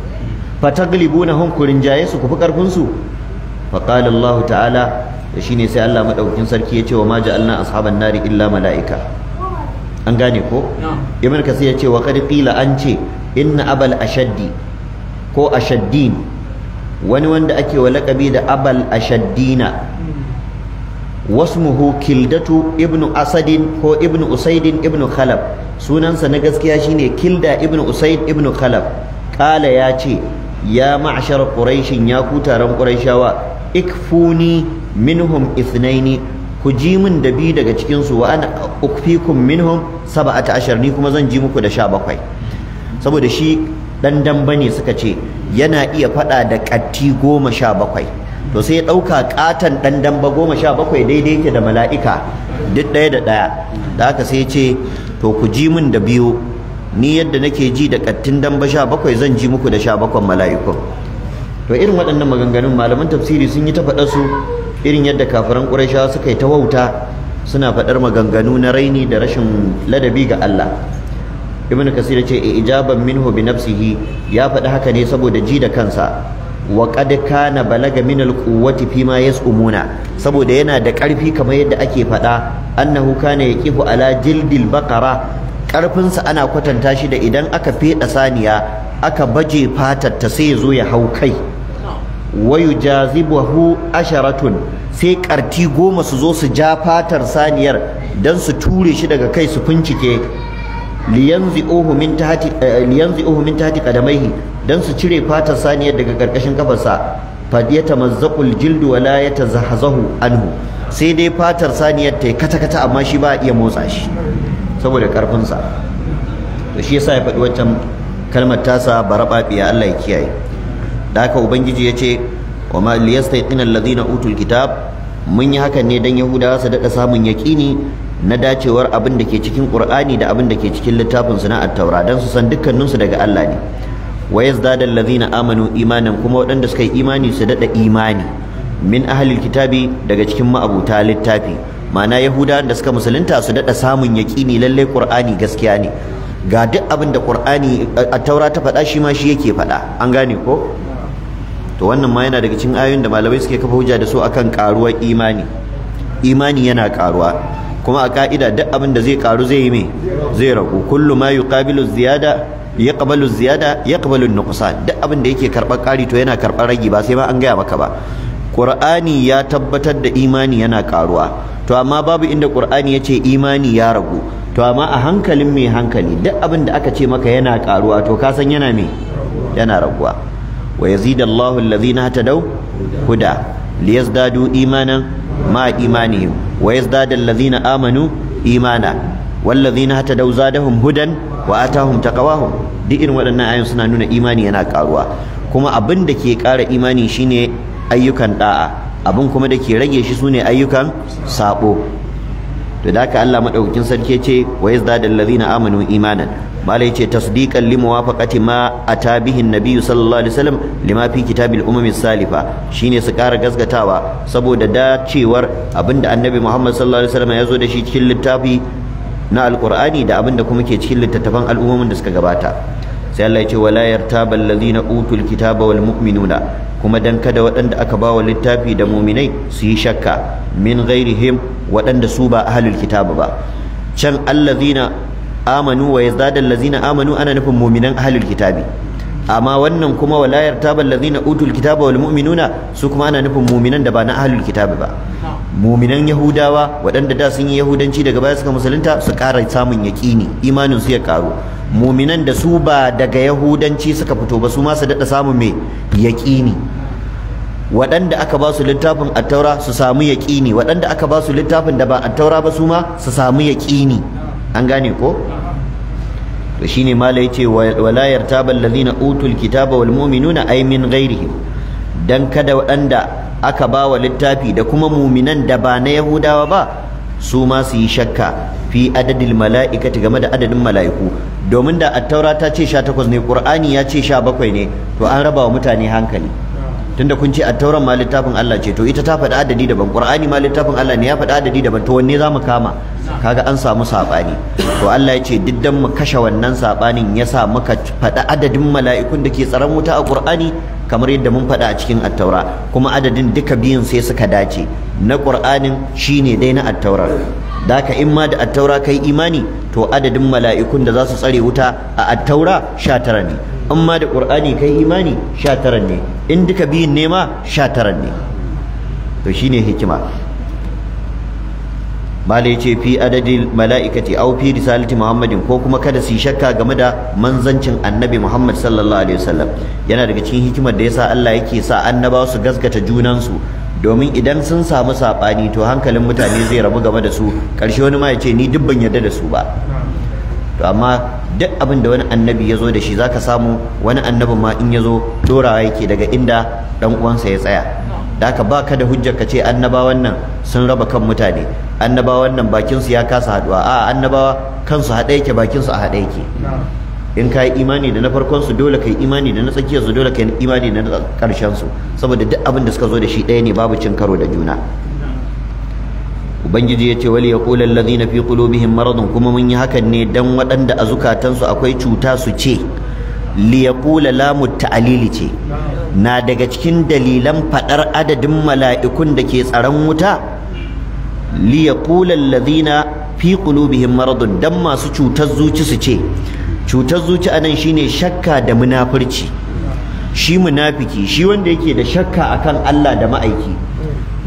fataglibunahum ku rinjaye su ku fi karfin su fa ta'ala da shine sai Allah madaukakin sarki ya ce wa ma ja'alna ashaban nari illa malaika an gane ko ibn kasir ya ce wa qad qila an ce inna abal ashaddi ko ashaddin wani wanda ake wa laqabi da abal ashaddina wasmuhu kildatu ibnu asadin ko ibnu usaidin ibnu khalab sunansa na gaskiya shine kilda ibnu usaid ibnu khalab ƙala ya ce ya ma'ashar quraishin ya ku taron quraishawa ikfuni minhum ithnaini ku ji min da bi daga cikin su wa ana ukfikum minhum 17 ni kuma zan ji muku da sha saboda shi dan dan ne suka ce yana iya fada da katti goma sha bakwai to sai ya dauka katan dan dan goma sha daidai yake da mala'ika duk daya da daya da haka sai ya ce to ku ji min da biyu ni yadda nake ji da kattin dan sha bakwai zan ji muku da sha mala'ikun to irin waɗannan maganganun malaman tafsiri sun yi ta faɗa su irin yadda kafiran ƙurayshawa suka yi ta wauta suna faɗar maganganu na raini da rashin ladabi ga Allah ibnu kasir ce ijaban minhu bi nafsihi ya faɗi haka ne saboda ji da kansa wa qad kana balaga min quwwati fi ma yas'umuna saboda yana da ƙarfi kamar yadda ake faɗa annahu kana yaqifu ala jildil baqara ƙarfinsa ana kwatanta shi da idan aka feɗa saniya aka baje fatar ta sai zo ya hau kai wa yujazibuhu asharatun sai karti goma su zo su ja fatar saniyar dan su ture shi daga kai su fincike liyanzi'uhu min tahti eh, liyanzi'uhu min tahti qadamaihi dan su cire fatar saniyar daga karkashin kafarsa fa yatamazzaqul jildu wa la anhu sai dai fatar saniyar ta kata kata amma shi ba iya motsa shi saboda karfin sa to shi yasa ya faɗi wancan kalmar tasa barababiya Allah ya kiyaye da haka ubangiji ya ce wa ma liyastayqina alladhina utul kitab mun yi hakan ne dan yahudawa su dada samun yaqini na dacewar abin da ke cikin qur'ani da abin da ke cikin littafin suna na at-taura dan su san dukkanin su daga Allah ne wa yazdada alladhina amanu imanan kuma waɗanda suka yi imani su dada imani min ahlil kitabi daga cikin ma'abuta littafi ma'ana yahudawan da suka musulunta su daɗa samun yaqini lalle qur'ani gaskiya ne ga duk abin da Qur'ani a taura ta faɗa shi ma shi yake faɗa an gane ko to wannan ma yana daga cikin ayoyin da malamai suke kafa hujja da su akan karuwar imani imani yana karuwa kuma a ka'ida duk abin da zai karu zai yi me zai ragu kullu ma yuqabilu ziyada yaqbalu ziyada yaqbalu nuqsan duk abin da yake karɓar ƙari to yana karɓar ragi ba sai ma an gaya maka ba Qur'ani ya tabbatar da imani yana karuwa to amma babu inda Qur'ani yace imani ya ragu to amma a hankalin mai hankali duk abin da aka ce maka yana karuwa to ka san yana me yana raguwa wa yazidallahu alladhina hatadaw huda liyazdadu imanan ma imanihim wa yazdadu alladhina amanu imana walladhina hatadaw zadahum hudan wa atahum taqawahum duk irin waɗannan ayoyin suna nuna imani yana karuwa kuma abin da ke kara imani shine ayyukan da'a abin kuma da ke rage shi sune ayyukan sabo to da haka Allah madaukakin sarki ce wa yazdadul ladina amanu imanan bale ce tasdiqan li muwafaqati ma ata bihi sallallahu alaihi wasallam lima fi kitabil umami salifa shine su kara gaskatawa saboda dacewar abinda annabi Muhammad sallallahu alaihi wasallam ya zo da shi cikin littafi na alqur'ani da abinda kuma ke cikin littattafan al'ummomin da suka gabata sai Allah ya ce wala yartaba utul kitaba wal mu'minuna kuma dan kada waɗanda aka bawa littafi da mu'minai su yi shakka min ghairihim waɗanda su ba ahlul kitaba ba can allazina amanu wa yazdada allazina amanu ana nufin mu'minan ahlul kitabi amma wannan kuma walayar tabal ladina utul kitaba wal mu'minuna su kuma ana nufin mu'minan da ba na ahlul ba mu'minan yahudawa waɗanda da sun yi yahudanci daga baya suka musulunta su ƙara samun yaƙini imanin su ya ƙaru mu'minan da su ba daga yahudanci suka fito ba su ma su daɗa samun mai yaƙini waɗanda aka ba su littafin taura su samu yaƙini waɗanda aka ba su littafin da ba taura ba su ma su samu yaƙini an gane ko to shine mala yace wala yartaba allazina utul kitaba wal mu'minuna ay min ghairihim dan kada waɗanda aka bawa littafi da kuma muminan da ba na yahudawa ba su ma su yi shakka fi adadil mala'ikati game da adadin mala'iku domin da attaura ta ce 18 ne qur'ani ya ce 17 ne to an raba wa mutane hankali tunda kun ce attauran ma littafin Allah ce to ita ta faɗa adadi daban qur'ani ma littafin Allah ne ya faɗi adadi daban to wanne zamu kama kaga an samu sabani to Allah ya ce diddan mu kashe wannan sabanin yasa muka faɗa adadin mala'ikun da ke tsaron wuta a qur'ani kamar yadda mun faɗa a cikin attaura kuma adadin duka biyun sai suka dace na qur'anin shine dai na attaurar daka in ma da attaura kai imani to adadin mala'ikun da za su tsare wuta a attaura 19 ne in ma da qur'ani kai imani 19 ne in duka biyun nema sha taran ne to shi ne hikima mala ce fi adadil malaikati au fi risalati muhammadin ko kuma kada su shakka game da manzancin annabi muhammad sallallahu alaihi wasallam yana daga cikin hikimar da ya sa Allah yake sa annabawa su gaskata junansu domin idan sun samu saɓani to hankalin mutane zai rabu game da su ƙarshe wani ma ya ce ni dubban yarda da su ba to amma duk abin da wani annabi ya zo da shi zaka samu wani annabin ma in ya zo dorawa yake daga inda dan uwansa ya tsaya da ba baka da hujjar ka ce annabawan nan sun raba kan mutane annabawan nan bakin su ya kasa haduwa a annabawa kansu hada yake bakin su a hada yake in ka yi imani da na farkon su dole kai imani da na tsakiyar su dole kai imani da na karshen su saboda duk abin da suka zo da shi ɗaya ne babu cin karo da juna ubangiji yace wal yaqul alladhina fi qulubihim maradun kuma mun yi hakan ne dan waɗanda a zukatansu akwai cuta su ce li yaqula lamu ta'lili ce na daga cikin dalilan faɗar adadin mala'ikun da ke tsaron wuta li yaqula alladhina fi qulubihim maradun dan masu cutar zuci su ce cutar zuci a anan shine shakka da munafurci shi munafiki shi wanda yake da shakka akan Allah da ma'aiki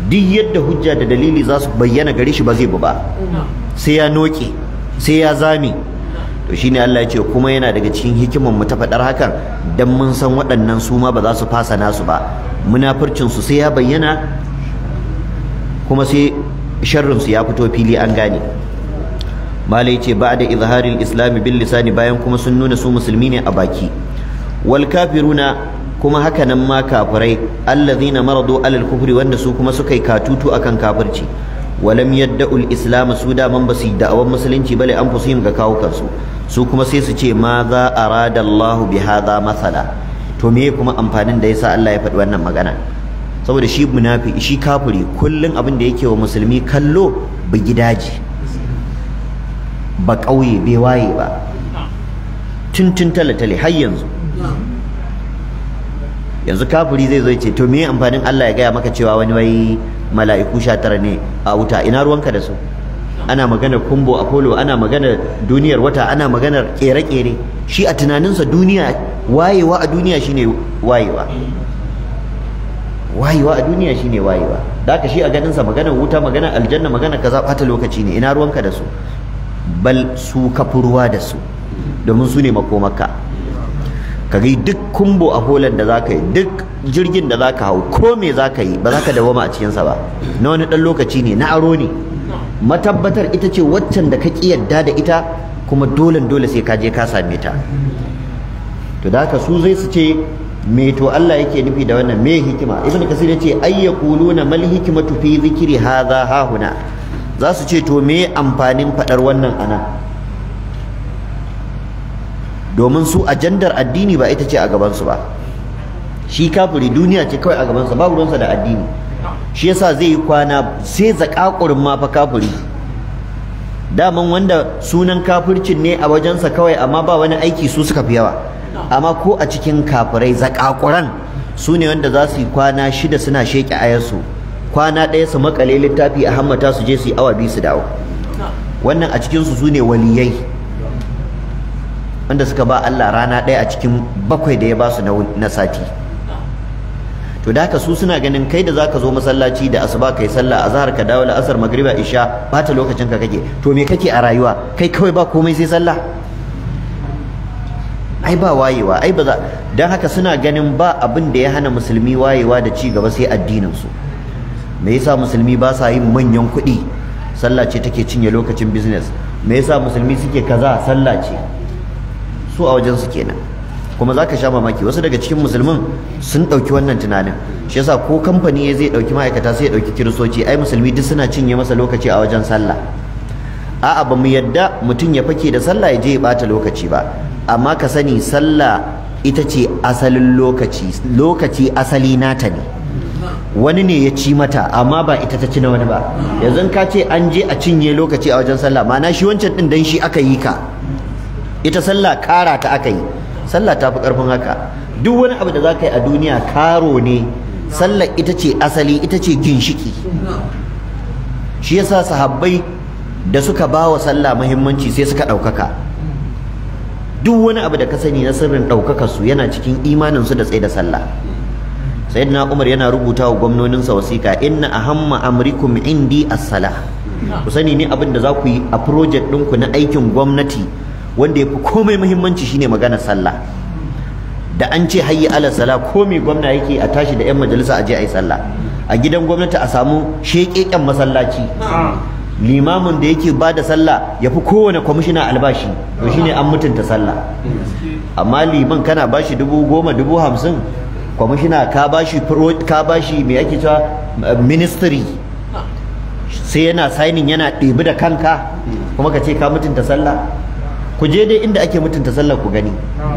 duk yadda hujja da dalili za su bayyana gare shi ba zai bu ba sai ya noke sai ya zami to shine Allah ya ce kuma yana daga cikin hikimar mu ta faɗar hakan dan mun san waɗannan su ma ba za su fasa nasu ba munafircin su sai ya bayyana kuma sai sharrin su ya fito fili an gane malai ce ba'da izharil islam bil lisani bayan kuma sun nuna su musulmi ne a baki wal kafiruna kuma haka nan ma kafirai allazina maradu alal kufri wanda su kuma suka yi katutu akan kafirci walam yadda'u al-islam su da man basu da'awan musulunci bale an fusu ga kawo kansu su kuma sai su ce ma za arada Allah bi hadha masala to me kuma amfanin da yasa Allah ya faɗi wannan magana saboda shi munafi shi kafiri kullun abin da yake wa musulmi kallo bi gidaje ba kauye bai waye ba tuntun tale tale har yanzu yanzu kafiri zai zo ce to me amfanin Allah ya gaya maka cewa wani wai mala'iku sha tara ne a wuta ina ruwanka da su ana magana kumbo apollo ana magana duniyar wata ana maganar kere-kere shi a tunaninsa duniya wayewa a duniya shine wayewa wayewa a duniya shine wayewa da haka shi a ganinsa maganar wuta maganar aljanna maganar kaza fata lokaci ne ina ruwanka da su bal su kafurwa da su domin su ne makomaka ka yi duk kumbo a holan da zaka yi duk jirgin da zaka hau ko me zaka yi ba zaka wama a cikinsa ba na wani dan lokaci ne na aro ne matabbatar ita ce waccan da ka kiyarda da ita kuma dole dole sai ka je ka same ta to da haka su zai su ce me to Allah yake nufi da wannan me hikima Ibn kasir yace ay yaquluna mal hikmatu fi zikri hadha ha huna za su ce to me amfanin fadar wannan anan domin su ajandar addini ba ita ce a gabansu ba shi kafiri duniya ce kawai a gabansa Ba ruwansa da addini shi yasa zai yi kwana sai zakakurin ma fa kafiri daman wanda sunan kafircin ne a wajensa kawai amma ba wani aiki su suka fi yawa amma ko a cikin kafirai zakakuran su ne wanda za su yi kwana shida suna sheƙe ayarsu kwana ɗaya su makale littafi a hammata su je su yi awa biyu su dawo wannan a cikinsu su ne waliyai wanda suka ba Allah rana ɗaya a cikin bakwai da ya ba su na sati to da haka su suna ganin kai da zaka zo masallaci da asuba kai sallah azhar ka dawo la'asar magriba isha bata lokacin ka kake to me kake a rayuwa kai kawai ba komai sai sallah ai ba wayewa ai ba za dan haka suna ganin ba abin da ya hana musulmi wayewa da ci gaba sai addinin su me yasa musulmi ba sa yin manyan kuɗi sallah ce take cinye lokacin business me yasa musulmi suke kaza sallah ce su a wajen su kenan kuma zaka sha mamaki wasu daga cikin musulmin sun dauki wannan tunanin shi yasa ko kamfani ya zai dauki ma'aikata sai ya dauki kiristoci ai musulmi duk suna cinye masa lokaci a wajen sallah a'a ba mu yadda mutum ya fake da sallah ya je ya bata lokaci ba amma ka sani sallah ita ce asalin lokaci lokaci asali nata ne wani ne ya ci mata amma ba ita ta ci na wani ba yanzu ka ce an je a cinye lokaci a wajen sallah ma'ana shi wancan din dan shi aka yi ka ita sallah kara ta aka yi sallah ta fi karfin haka duk wani abu da za ka yi a duniya karo ne sallah ita ce asali ita ce ginshiki shi yasa sahabbai da suka ba wa sallah muhimmanci sai suka ɗaukaka duk wani abu da ka sani na sirrin ɗaukaka su yana cikin imanin su da tsaye da sallah sayyidina umar yana rubuta wa sa wasiƙa inna ahamma amrikum indi as-salah ku sani ne abin da za ku yi a project ɗinku na aikin gwamnati wanda ya yafi komai muhimmanci shine magana sallah da an ce hayyi ala sala ko mai gwamna yake a tashi da yan majalisa a je a yi sallah a gidan gwamnati a samu shekeken masallaci limamin da yake ba da sallah ya fi kowane kwamishina albashi to shine an mutunta sallah amma liman kana bashi dubu goma dubu hamsin kwamishina ka bashi ka bashi me cewa ministry sai yana sainin yana ɗebi da kanka kuma ka ce ka mutunta sallah ku je dai inda ake mutunta sallah ku gani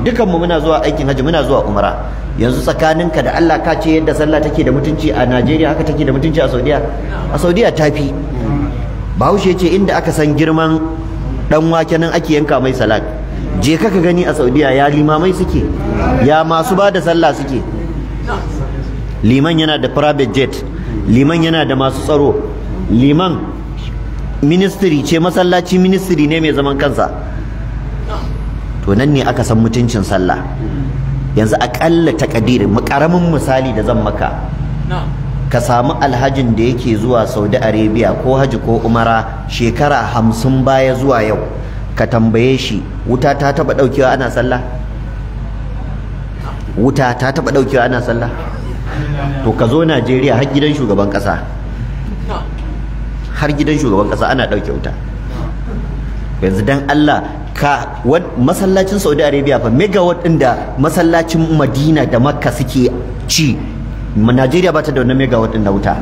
dukan mu muna zuwa aikin haji muna zuwa umra yanzu tsakaninka da Allah ka ce yadda sallah take da mutunci a Najeriya haka take da mutunci a Saudiya a Saudiya tafi Bahaushe ce inda aka san girman dan wake nan ake yanka mai salat je ka gani a Saudiya ya limamai suke ya masu ba da sallah suke liman yana da private jet liman yana da masu tsaro liman ministry ce masallaci ministry ne mai zaman kansa to nan ne aka san mutuncin sallah yanzu akalla mu karamin misali da zan maka ka samu alhajin da yake zuwa Saudi Arabia ko haji ko umara shekara hamsin baya zuwa yau ka tambaye shi wuta ta taba daukewa ana sallah wuta ta taba daukewa ana sallah to ka zo Najeriya har gidan shugaban kasa har gidan shugaban kasa ana dauke wuta yanzu dan Allah ka masallacin Saudi Arabia fa megawatt din da masallacin Madina da Makka suke ci Najeriya ba ta da wannan megawatt din da wuta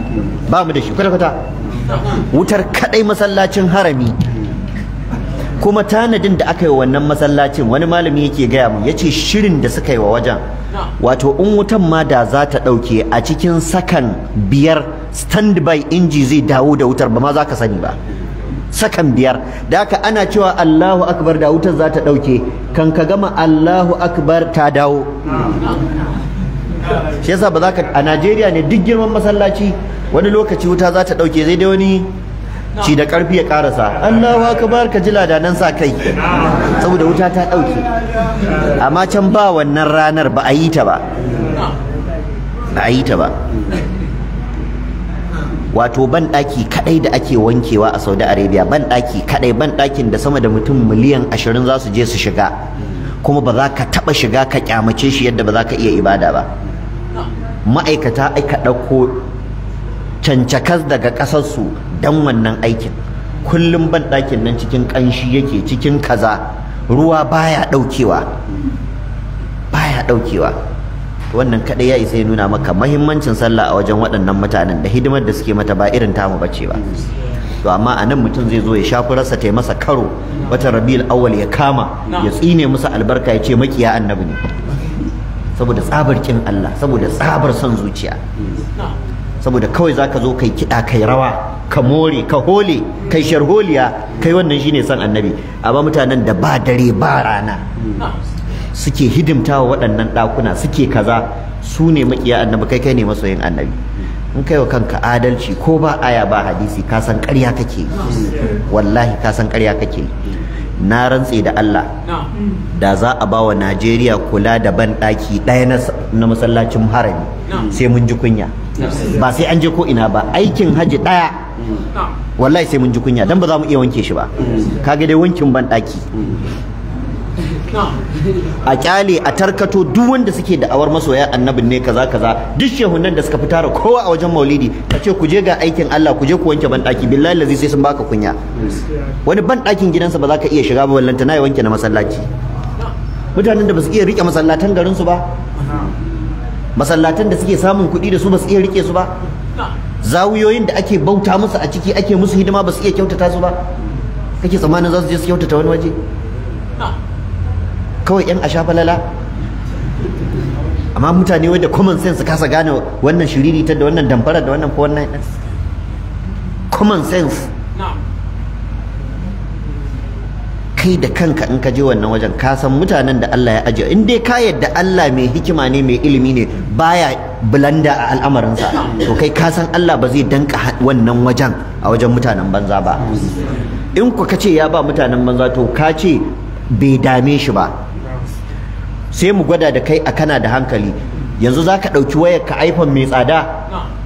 ba mu da shi kwata kwata wutar kadai masallacin harami kuma tanadin da aka yi wannan masallacin wani malami yake gaya mu yace shirin da suka yi wa wajen wato in wutan ma da za ta dauke a cikin sakan biyar standby inji zai dawo da wutar ba ma za ka sani ba sakan biyar da haka ana cewa Allahu akbar da wutar za ta ɗauke kan ka gama Allahu akbar ta dawo shi yasa ba za ka a Najeriya ne duk girman masallaci wani lokaci wuta za ta ɗauke zai dai wani ci da karfi ya ƙarasa Allahu akbar ka ji ladanan sa kai saboda wuta ta ɗauke amma can ba wannan ranar ba a yi ta ba a yi ta ba wato banɗaki kaɗai da ake wankewa a saudi arabia banɗaki kaɗai banɗakin da sama da mutum miliyan ashirin za su je su shiga kuma ba za ka taɓa shiga ka kyamace shi yadda ba za ka iya ibada ba ma'aikata ka ɗauko cancakas daga ƙasarsu dan wannan aikin kullum banɗakin nan cikin ƙanshi yake cikin kaza ruwa baya ɗaukewa baya ɗaukewa wannan kaɗai ya isa ya nuna maka mahimmancin sallah a wajen waɗannan mutanen da hidimar da suke mata ba irin tamu bace ba to amma a nan mutum zai zo ya shafi rasa ta masa karo wata rabiul awwal ya kama ya tsine musu albarka ya ce makiya annabi ne saboda tsabar kin Allah saboda tsabar son zuciya saboda kawai zaka zo kai kida kai rawa ka more ka hole kai sharholiya kai wannan shine son annabi amma mutanen da ba dare ba rana suke hidimtawa waɗannan ɗakuna suke kaza su ne makiya annabi kai kai ne masoyin annabi in kai wa kanka adalci ko ba aya ba hadisi ka san ƙarya kake wallahi ka san ƙarya kake na rantse da Allah da za a bawa Najeriya kula da ban ɗaki ɗaya na masallacin harami sai mun ji kunya ba sai an je ko ina ba aikin haji ɗaya wallahi sai mun ji kunya dan ba za mu iya wanke shi ba kaga dai wankin ban ɗaki a kyale a tarkato duk wanda suke da'awar masoya annabin ne kaza kaza duk shehunan da suka fita da kowa a wajen maulidi ka ce ku je ga aikin Allah ku je ku wanke banɗaki billahi lazi sai sun baka kunya wani banɗakin gidansa ba za ka iya shiga ba wallanta na ya wanke na masallaci mutanen da ba su iya rike masallatan garin su ba masallatan da suke samun kuɗi da su ba su iya rike su ba zawiyoyin da ake bauta musu a ciki ake musu hidima ba su iya kyautata su ba kake tsammanin za su je su kyautata wani waje kawai yan asha falala amma mutane wanda common sense kasa gane wannan shiriri ta da wannan damfara da wannan wannan common sense kai da kanka in ka je wannan wajen ka san mutanen da Allah ya ajiye in dai ka yadda Allah mai hikima ne mai ilimi ne baya blanda a al'amarinsa to kai ka san Allah ba zai danka wannan wajen a wajen mutanen banza ba in ku ka ce ya ba mutanen banza to ka ce bai dame shi ba sai mu gwada da kai a kana da hankali yanzu za ka ɗauki wayar ka iphone mai tsada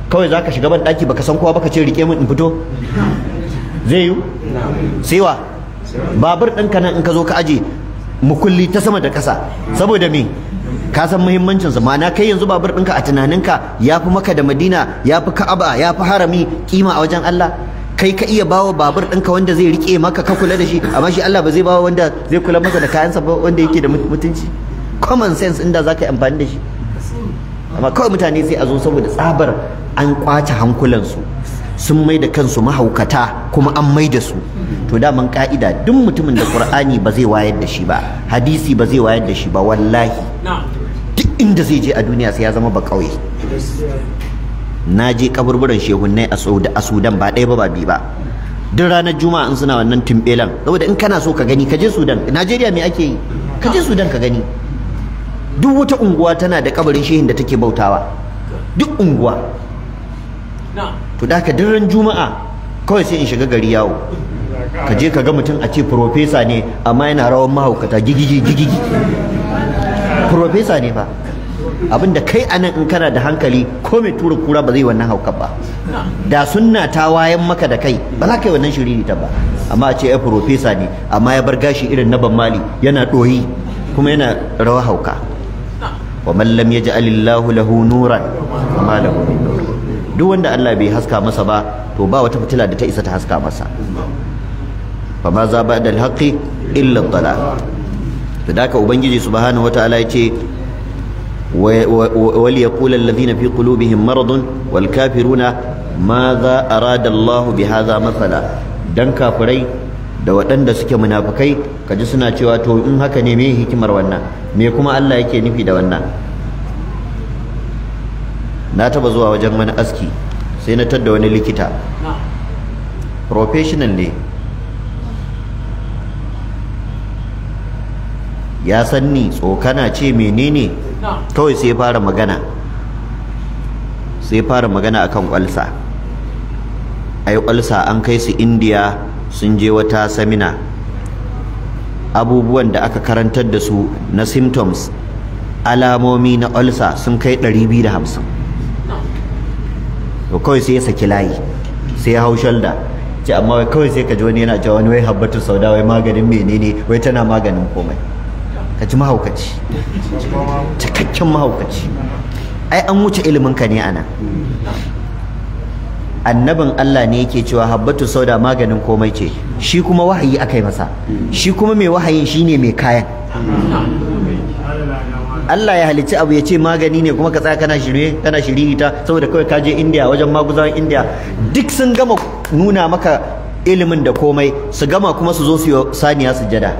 kawai za ka shiga ban ɗaki ka san kowa baka ce rike min in fito zai yiwu siwa babur ɗinka nan in ka zo ka aje mukulli ta sama da ƙasa saboda me ka san muhimmancin sa ma'ana kai yanzu babur ɗinka a tunaninka ya fi maka da madina ya fi ka'aba ya fi harami kima a wajen Allah kai ka iya bawa babur ɗinka wanda zai rike maka ka kula da shi amma shi Allah ba zai bawa wanda zai kula maka da kayansa ba wanda yake da mutunci common sense inda za ka yi amfani da shi amma kawai mutane sai a zo saboda tsabar an kwace hankulansu sun mai da kansu mahaukata kuma an mai da su to daman ka'ida duk mutumin da qur'ani ba zai wayar da shi ba hadisi ba zai wayar da shi ba wallahi duk inda zai je a duniya sai ya zama ba kauye na je kaburburan shehunnai a Saudi a Sudan ba ɗaya ba ba biyu ba duk ranar juma'a in suna wannan timbelan saboda in kana so ka gani ka je Sudan Najeriya me ake yi ka je Sudan ka gani duk wata unguwa tana da kabarin shehin da take bautawa duk unguwa to da ka dirran juma'a kawai sai in shiga gari yawo ka je ka ga mutum a ce profesa ne amma yana rawan mahaukata gigigi gigigi profesa ne fa abinda kai anan in kana da hankali ko mai tura kura ba zai wannan haukar ba da sunna ta wayan maka da kai ba za ka yi wannan shiriri ta ba amma a ce ya profesa ne amma ya bar gashi irin na ban mali yana ɗoyi kuma yana rawa hauka wa man lam yaj'al Allahu lahu nuran ma lahu min duk wanda Allah bai haska masa ba to ba wata fitila da ta isa ta haska masa fa ma za ba da alhaqi illa dalal to daka ubangiji subhanahu wataala yace وليقول الذين في قلوبهم wal kafiruna ماذا أراد الله بهذا مثلا دنكا فري da waɗanda suke munafukai kaji suna cewa to in haka ne me hikimar wannan me kuma Allah yake nufi da wannan na taba zuwa wajen wani aski sai na tadda wani likita professional ne ya san ni tsokana ce menene kawai sai fara magana sai fara magana akan kwalsa ai kwalsa an kai su Indiya. sun je wata samina abubuwan da aka karantar da su na symptoms alamomi na ulcer sun kai 250 to kawai sai ya saki layi sai ya hau shalda ce amma kawai sai ka ji wani yana cewa wani wai habbatu sauda wai maganin menene wai tana maganin komai ka ji mahaukaci cikakken mahaukaci ai an wuce ilimin ka ne ana annabin Allah ne yake cewa habbatu sauda maganin komai ce shi kuma wahayi akai masa shi kuma mai wahayin shine mai kayan Allah ya halicci abu ya ce magani ne kuma ka tsaya kana shirye kana shiririta saboda kawai ka je India wajen maguzawan India duk sun gama nuna maka ilimin da komai su gama kuma su zo su yi saniya sujada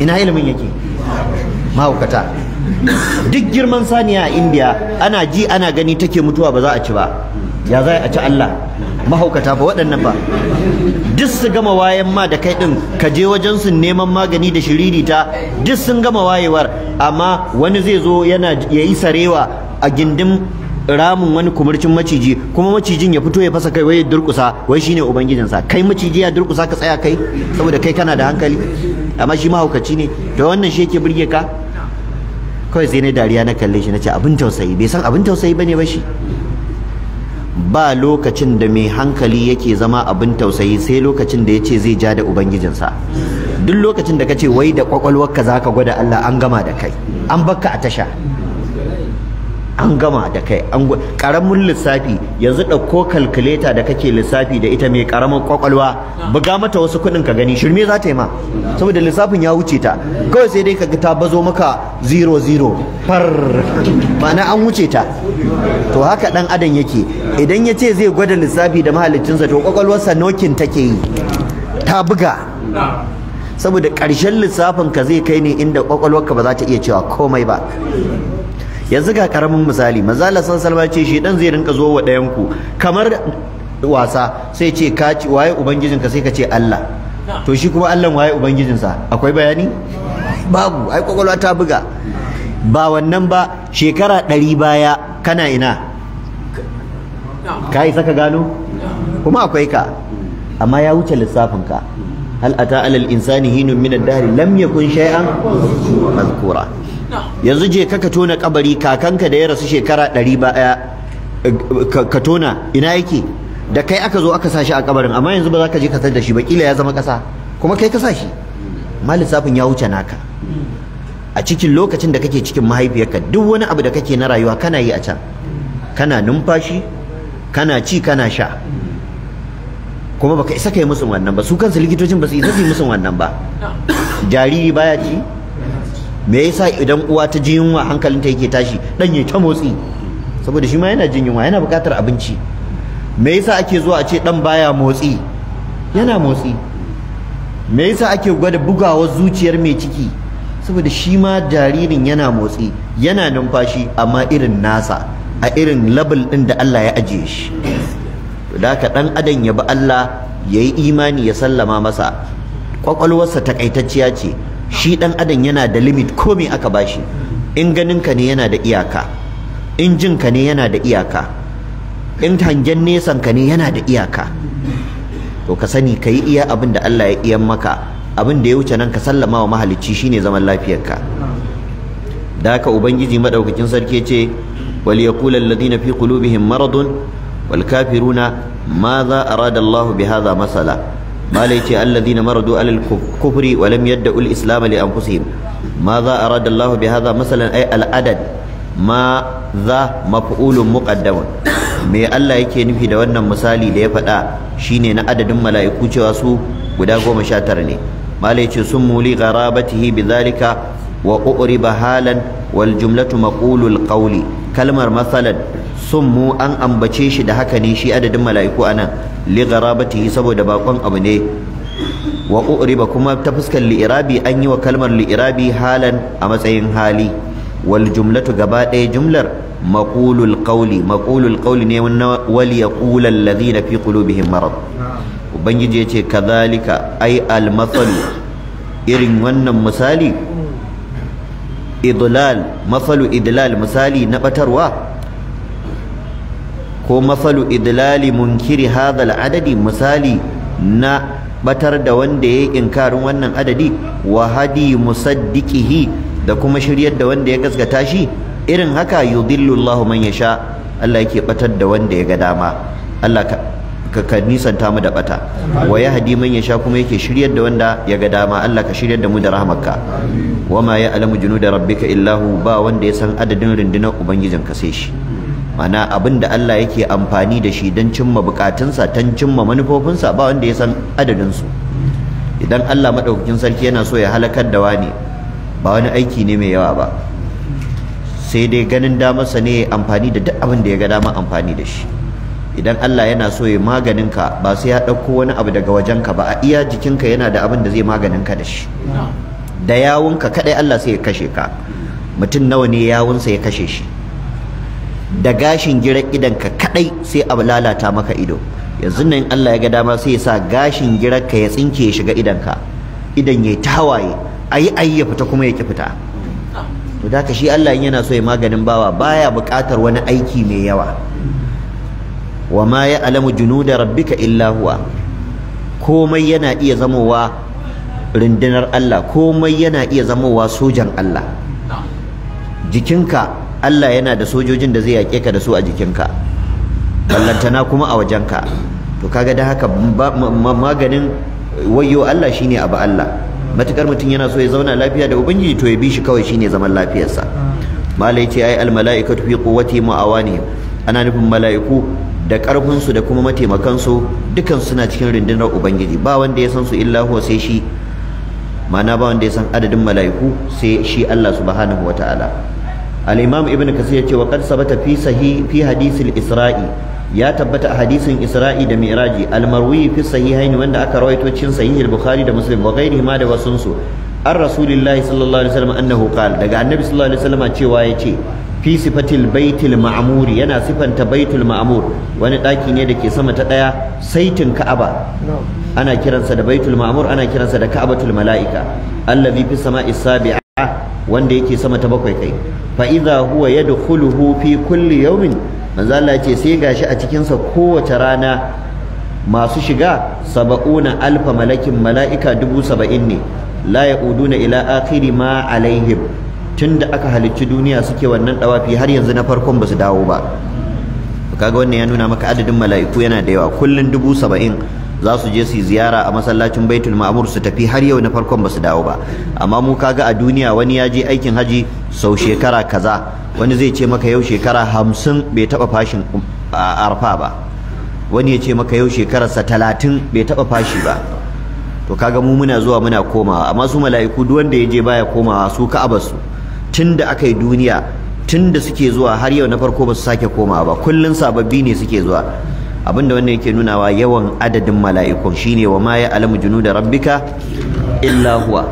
ina ilimin yake mahaukata duk girman saniya a India ana ji ana gani take mutuwa ba za a ci ba ya za a ci Allah mahaukata ba waɗannan ba duk su gama wayan ma da kai ɗin ka je wajen su neman magani da shiriri ta. duk sun gama wayewar amma wani zai zo yana yi sarewa a gindin ramin wani kumurcin maciji kuma macijin ya fito ya fasa kai wai durkusa wai shine ubangijinsa kai maciji ya durkusa ka tsaya kai saboda kai kana da hankali amma shi mahaukaci ne to wannan shi yake burge ka kawai sai na dariya na kalle shi na ce abin tausayi bai san abin tausayi bane ba shi ba lokacin da mai hankali yake zama abin tausayi sai lokacin da yace zai ja da ubangijinsa duk lokacin da kace wai da kwakwalwarka zaka gwada Allah an gama da kai an bakka a tasha an gama da kai an karamin lissafi yanzu ɗauko kalkuleta da kake lissafi da ita mai karamin kwakwalwa buga mata wasu kuɗin ka gani shirme za ta yi ma saboda lissafin ya wuce ta kawai sai dai ka ga ta bazo maka 00 far ma'ana an wuce ta to haka dan adam yake idan ya ce zai gwada lissafi da sa to kwakwalwarsa nokin take yi ta buga saboda ƙarshen lissafin ka zai kai ne inda ka ba za ta iya cewa komai ba yanzu ga karamin misali manzala san salma ce shi dan zai rinka zo wa ɗayan ku kamar wasa sai ce ka waye ubangijinka sai ka ce Allah to shi kuma Allah waye ubangijinsa akwai bayani babu ai kokolwa ta buga ba wannan ba shekara ɗari baya kana ina ka isa ka gano kuma akwai ka amma ya wuce lissafin ka hal ata alal insani hinun min ad-dahr lam yakun shay'an mazkura yanzu je ka ka tona kabari kakanka da ya rasu shekara 100 ba ka tona ina yake da kai aka zo aka sashi a kabarin amma yanzu ba za ka je ka da shi ba kila ya zama ƙasa kuma kai ka sashi ma lissafin ya wuce naka a cikin lokacin da kake cikin mahaifiyarka duk wani abu da kake na rayuwa kana yi a can kana numfashi kana ci kana sha kuma baka isa kai musu wannan ba su kansu likitocin ba su isa su yi musu wannan ba jariri baya ci me yasa idan uwa ta ji yunwa hankalinta yake tashi dan ya ta motsi saboda shi ma yana jin yunwa yana buƙatar abinci me yasa ake zuwa a ce dan baya motsi yana motsi me yasa ake gwada bugawar zuciyar mai ciki saboda shi ma jaririn yana motsi yana numfashi amma irin nasa a irin level din da Allah ya ajiye shi to da haka dan adam ya bi Allah yayi imani ya sallama masa kwakwalwarsa takaitacciya ce shi dan adam yana da limit ko me aka bashi in ganin ka ne yana da iyaka in jin ka ne yana da iyaka in hangen nesan ka ne yana da iyaka to ka sani ka iya abin da Allah ya iyan maka abin da ya wuce nan ka sallama wa mahalicci shine zaman lafiyarka da haka ubangiji madaukakin sarki ce wal yaqul alladhina fi qulubihim maradun wal kafiruna madha arada Allah bi hadha masala malai allah alladhina maradu alal kufri wa lam yad'u al islam li anfusihim ma za arada Allah bi hadha masalan ay al adad ma za maf'ulun muqaddam me Allah yake nufi da wannan misali da ya faɗa shine na adadin mala'iku cewa su guda goma sha tara ne malai sun muli gharabatihi bidhalika wa uriba halan wal jumlatu maqulul qawli kalmar masalan mu an ambace shi da haka ne shi adadin mala'iku anan li gharabatihi saboda bakon abu ne wa uriba kuma ta fuskar li'irabi an yi wa kalmar li'irabi halan a matsayin hali wal jumlatu gaba ɗaya jumlar maqulul qawli maqulul qawli ne wal yaqulu alladhina fi qulubihim marad ubangiji yace kadhalika ai al irin wannan misali idlal mafalu idlal misali na batarwa ko mafalu idlali munkiri hadal adadi misali na batar da wanda yayi inkarin wannan adadi wa hadi musaddiqihi da kuma shiryar da wanda ya gaskata shi irin haka yudillu Allahu man yasha Allah yake batar da wanda ya ga dama Allah ka ka nisanta mu da bata wa yahdi man yasha kuma yake shiryar da wanda ya ga dama Allah ka shiryar da mu da rahmarka amin wama ya'lamu da rabbi ka, Illahu, ba wanda ya san adadin rundunar ubangijin ka sai shi mana abinda Allah yake amfani da shi don cimma bukatunsa don cimma manufofinsa ba wanda ya san adadinsu. idan Allah madaukakin sarki yana so ya halakar da wani ba wani aiki ne mai yawa ba sai dai ganin damarsa ne amfani da duk abin da ya ga dama amfani da shi idan Allah yana so ya maganin ka ba sai ya ɗauko wani abu daga wajenka ba a iya jikinka yana da abin da zai maganin ka da shi da yawunka kadai Allah sai ya kashe ka mutum nawa ne yawunsa ya kashe shi da gashin girar idanka kadai sai a lalata maka ido yanzu nan Allah ya ga dama sai ya sa gashin girarka ya tsinke ya shiga idanka idan yayi ta hawaye ayi ayi ya fita kuma ya ki fita to da shi Allah in yana so ya maganin bawa baya buƙatar wani aiki mai yawa wa ma ya'lamu junuda rabbika illa huwa komai yana iya zamowa rundunar Allah komai yana iya zamowa sojan Allah jikinka Allah yana da sojojin da zai yake ka da su a jikinka ballantana kuma a wajenka to kaga da haka maganin wayo Allah shine abu Allah matukar mutum yana so ya zauna lafiya da ubangiji to ya bi shi kawai shine zaman lafiyarsa malai ce ai al malaikatu fi quwwati muawani ana nufin malaiku da karfin su da kuma mataimakan su dukan suna cikin rundunar ubangiji ba wanda ya san su illa huwa sai shi ma'ana ba wanda ya san adadin mala'iku sai shi Allah subhanahu wataala al-imam ibn kasir yace wa qad sabata fi sahih fi hadith al-isra'i ya tabbata a hadisin isra'i da mi'raji al-marwi fi sahihain wanda aka rawaito cikin sahih al-bukhari da muslim wa ghairihi ma da wasunsu an rasulillahi sallallahu alaihi wasallam annahu qala daga annabi sallallahu alaihi wasallam cewa yace fi sifatil baitul ma'amuri yana sifanta baitul ma'mur wani daki ne dake sama ta daya saitin ka'aba ana kiransa da baitul ma'mur ana kiransa da ka'batul mala'ika allazi fi sama'i sabi'a wanda yake sama ta bakwai kai fa idza huwa yadkhuluhu fi kulli yawmin manzo Allah ce sai gashi a cikin sa kowace rana masu shiga saba'una alfa malakin mala'ika dubu saba'in ne la ya'uduna ila akhiri ma alaihim Tun da aka halicci duniya suke wannan dawafi har yanzu na farkon basu dawo ba kaga wannan ya nuna maka adadin mala'iku yana da yawa kullun dubu saba'in za su je su ziyara a masallacin Baitul Ma'mur su tafi har yau na farkon basu dawo ba amma mu kaga a duniya wani ya je aikin haji sau shekara kaza wani zai ce maka yau shekara hamsin bai taba fashin arfa ba wani ya ce maka yau shekararsa talatin bai taba fashi ba to kaga mu muna zuwa muna komawa amma su mala'iku duk wanda ya je baya komawa su ka'abarsu su tun da aka yi duniya tun da suke zuwa har yau na farko ba su sake koma ba kullum sababbi ne suke zuwa abinda wannan yake nunawa yawan adadin mala'ikun shine wa ma ya alamu junuda rabbika illa huwa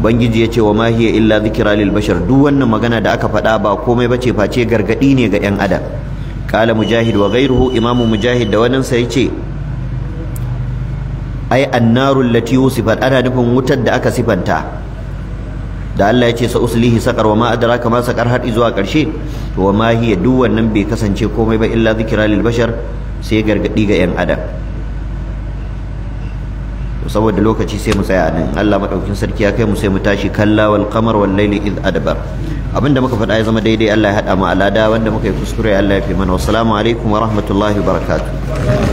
ubangiji yace wa ma hiya illa zikira lil bashar duk wannan magana da aka faɗa ba komai bace face gargaɗi ne ga yan adam kala mujahid wa ghayruhu imamu mujahid da wannan sai yace ai annarul lati yusifat ana nufin wutar da aka sifanta da Allah ya ce sa uslihi saqar wa ma adraka ma saqar har zuwa karshe to ma hiya duk wannan bai kasance komai ba illa zikra lil bashar sai gargadi ga yan adam saboda lokaci sai mu tsaya nan Allah madaukin sarki ya kai mu sai mu tashi kalla wal qamar wal layli id adbar abinda muka faɗa ya zama daidai Allah ya hada mu alada wanda muka yi kuskure Allah ya fi mana wassalamu alaikum wa rahmatullahi wa barakatuh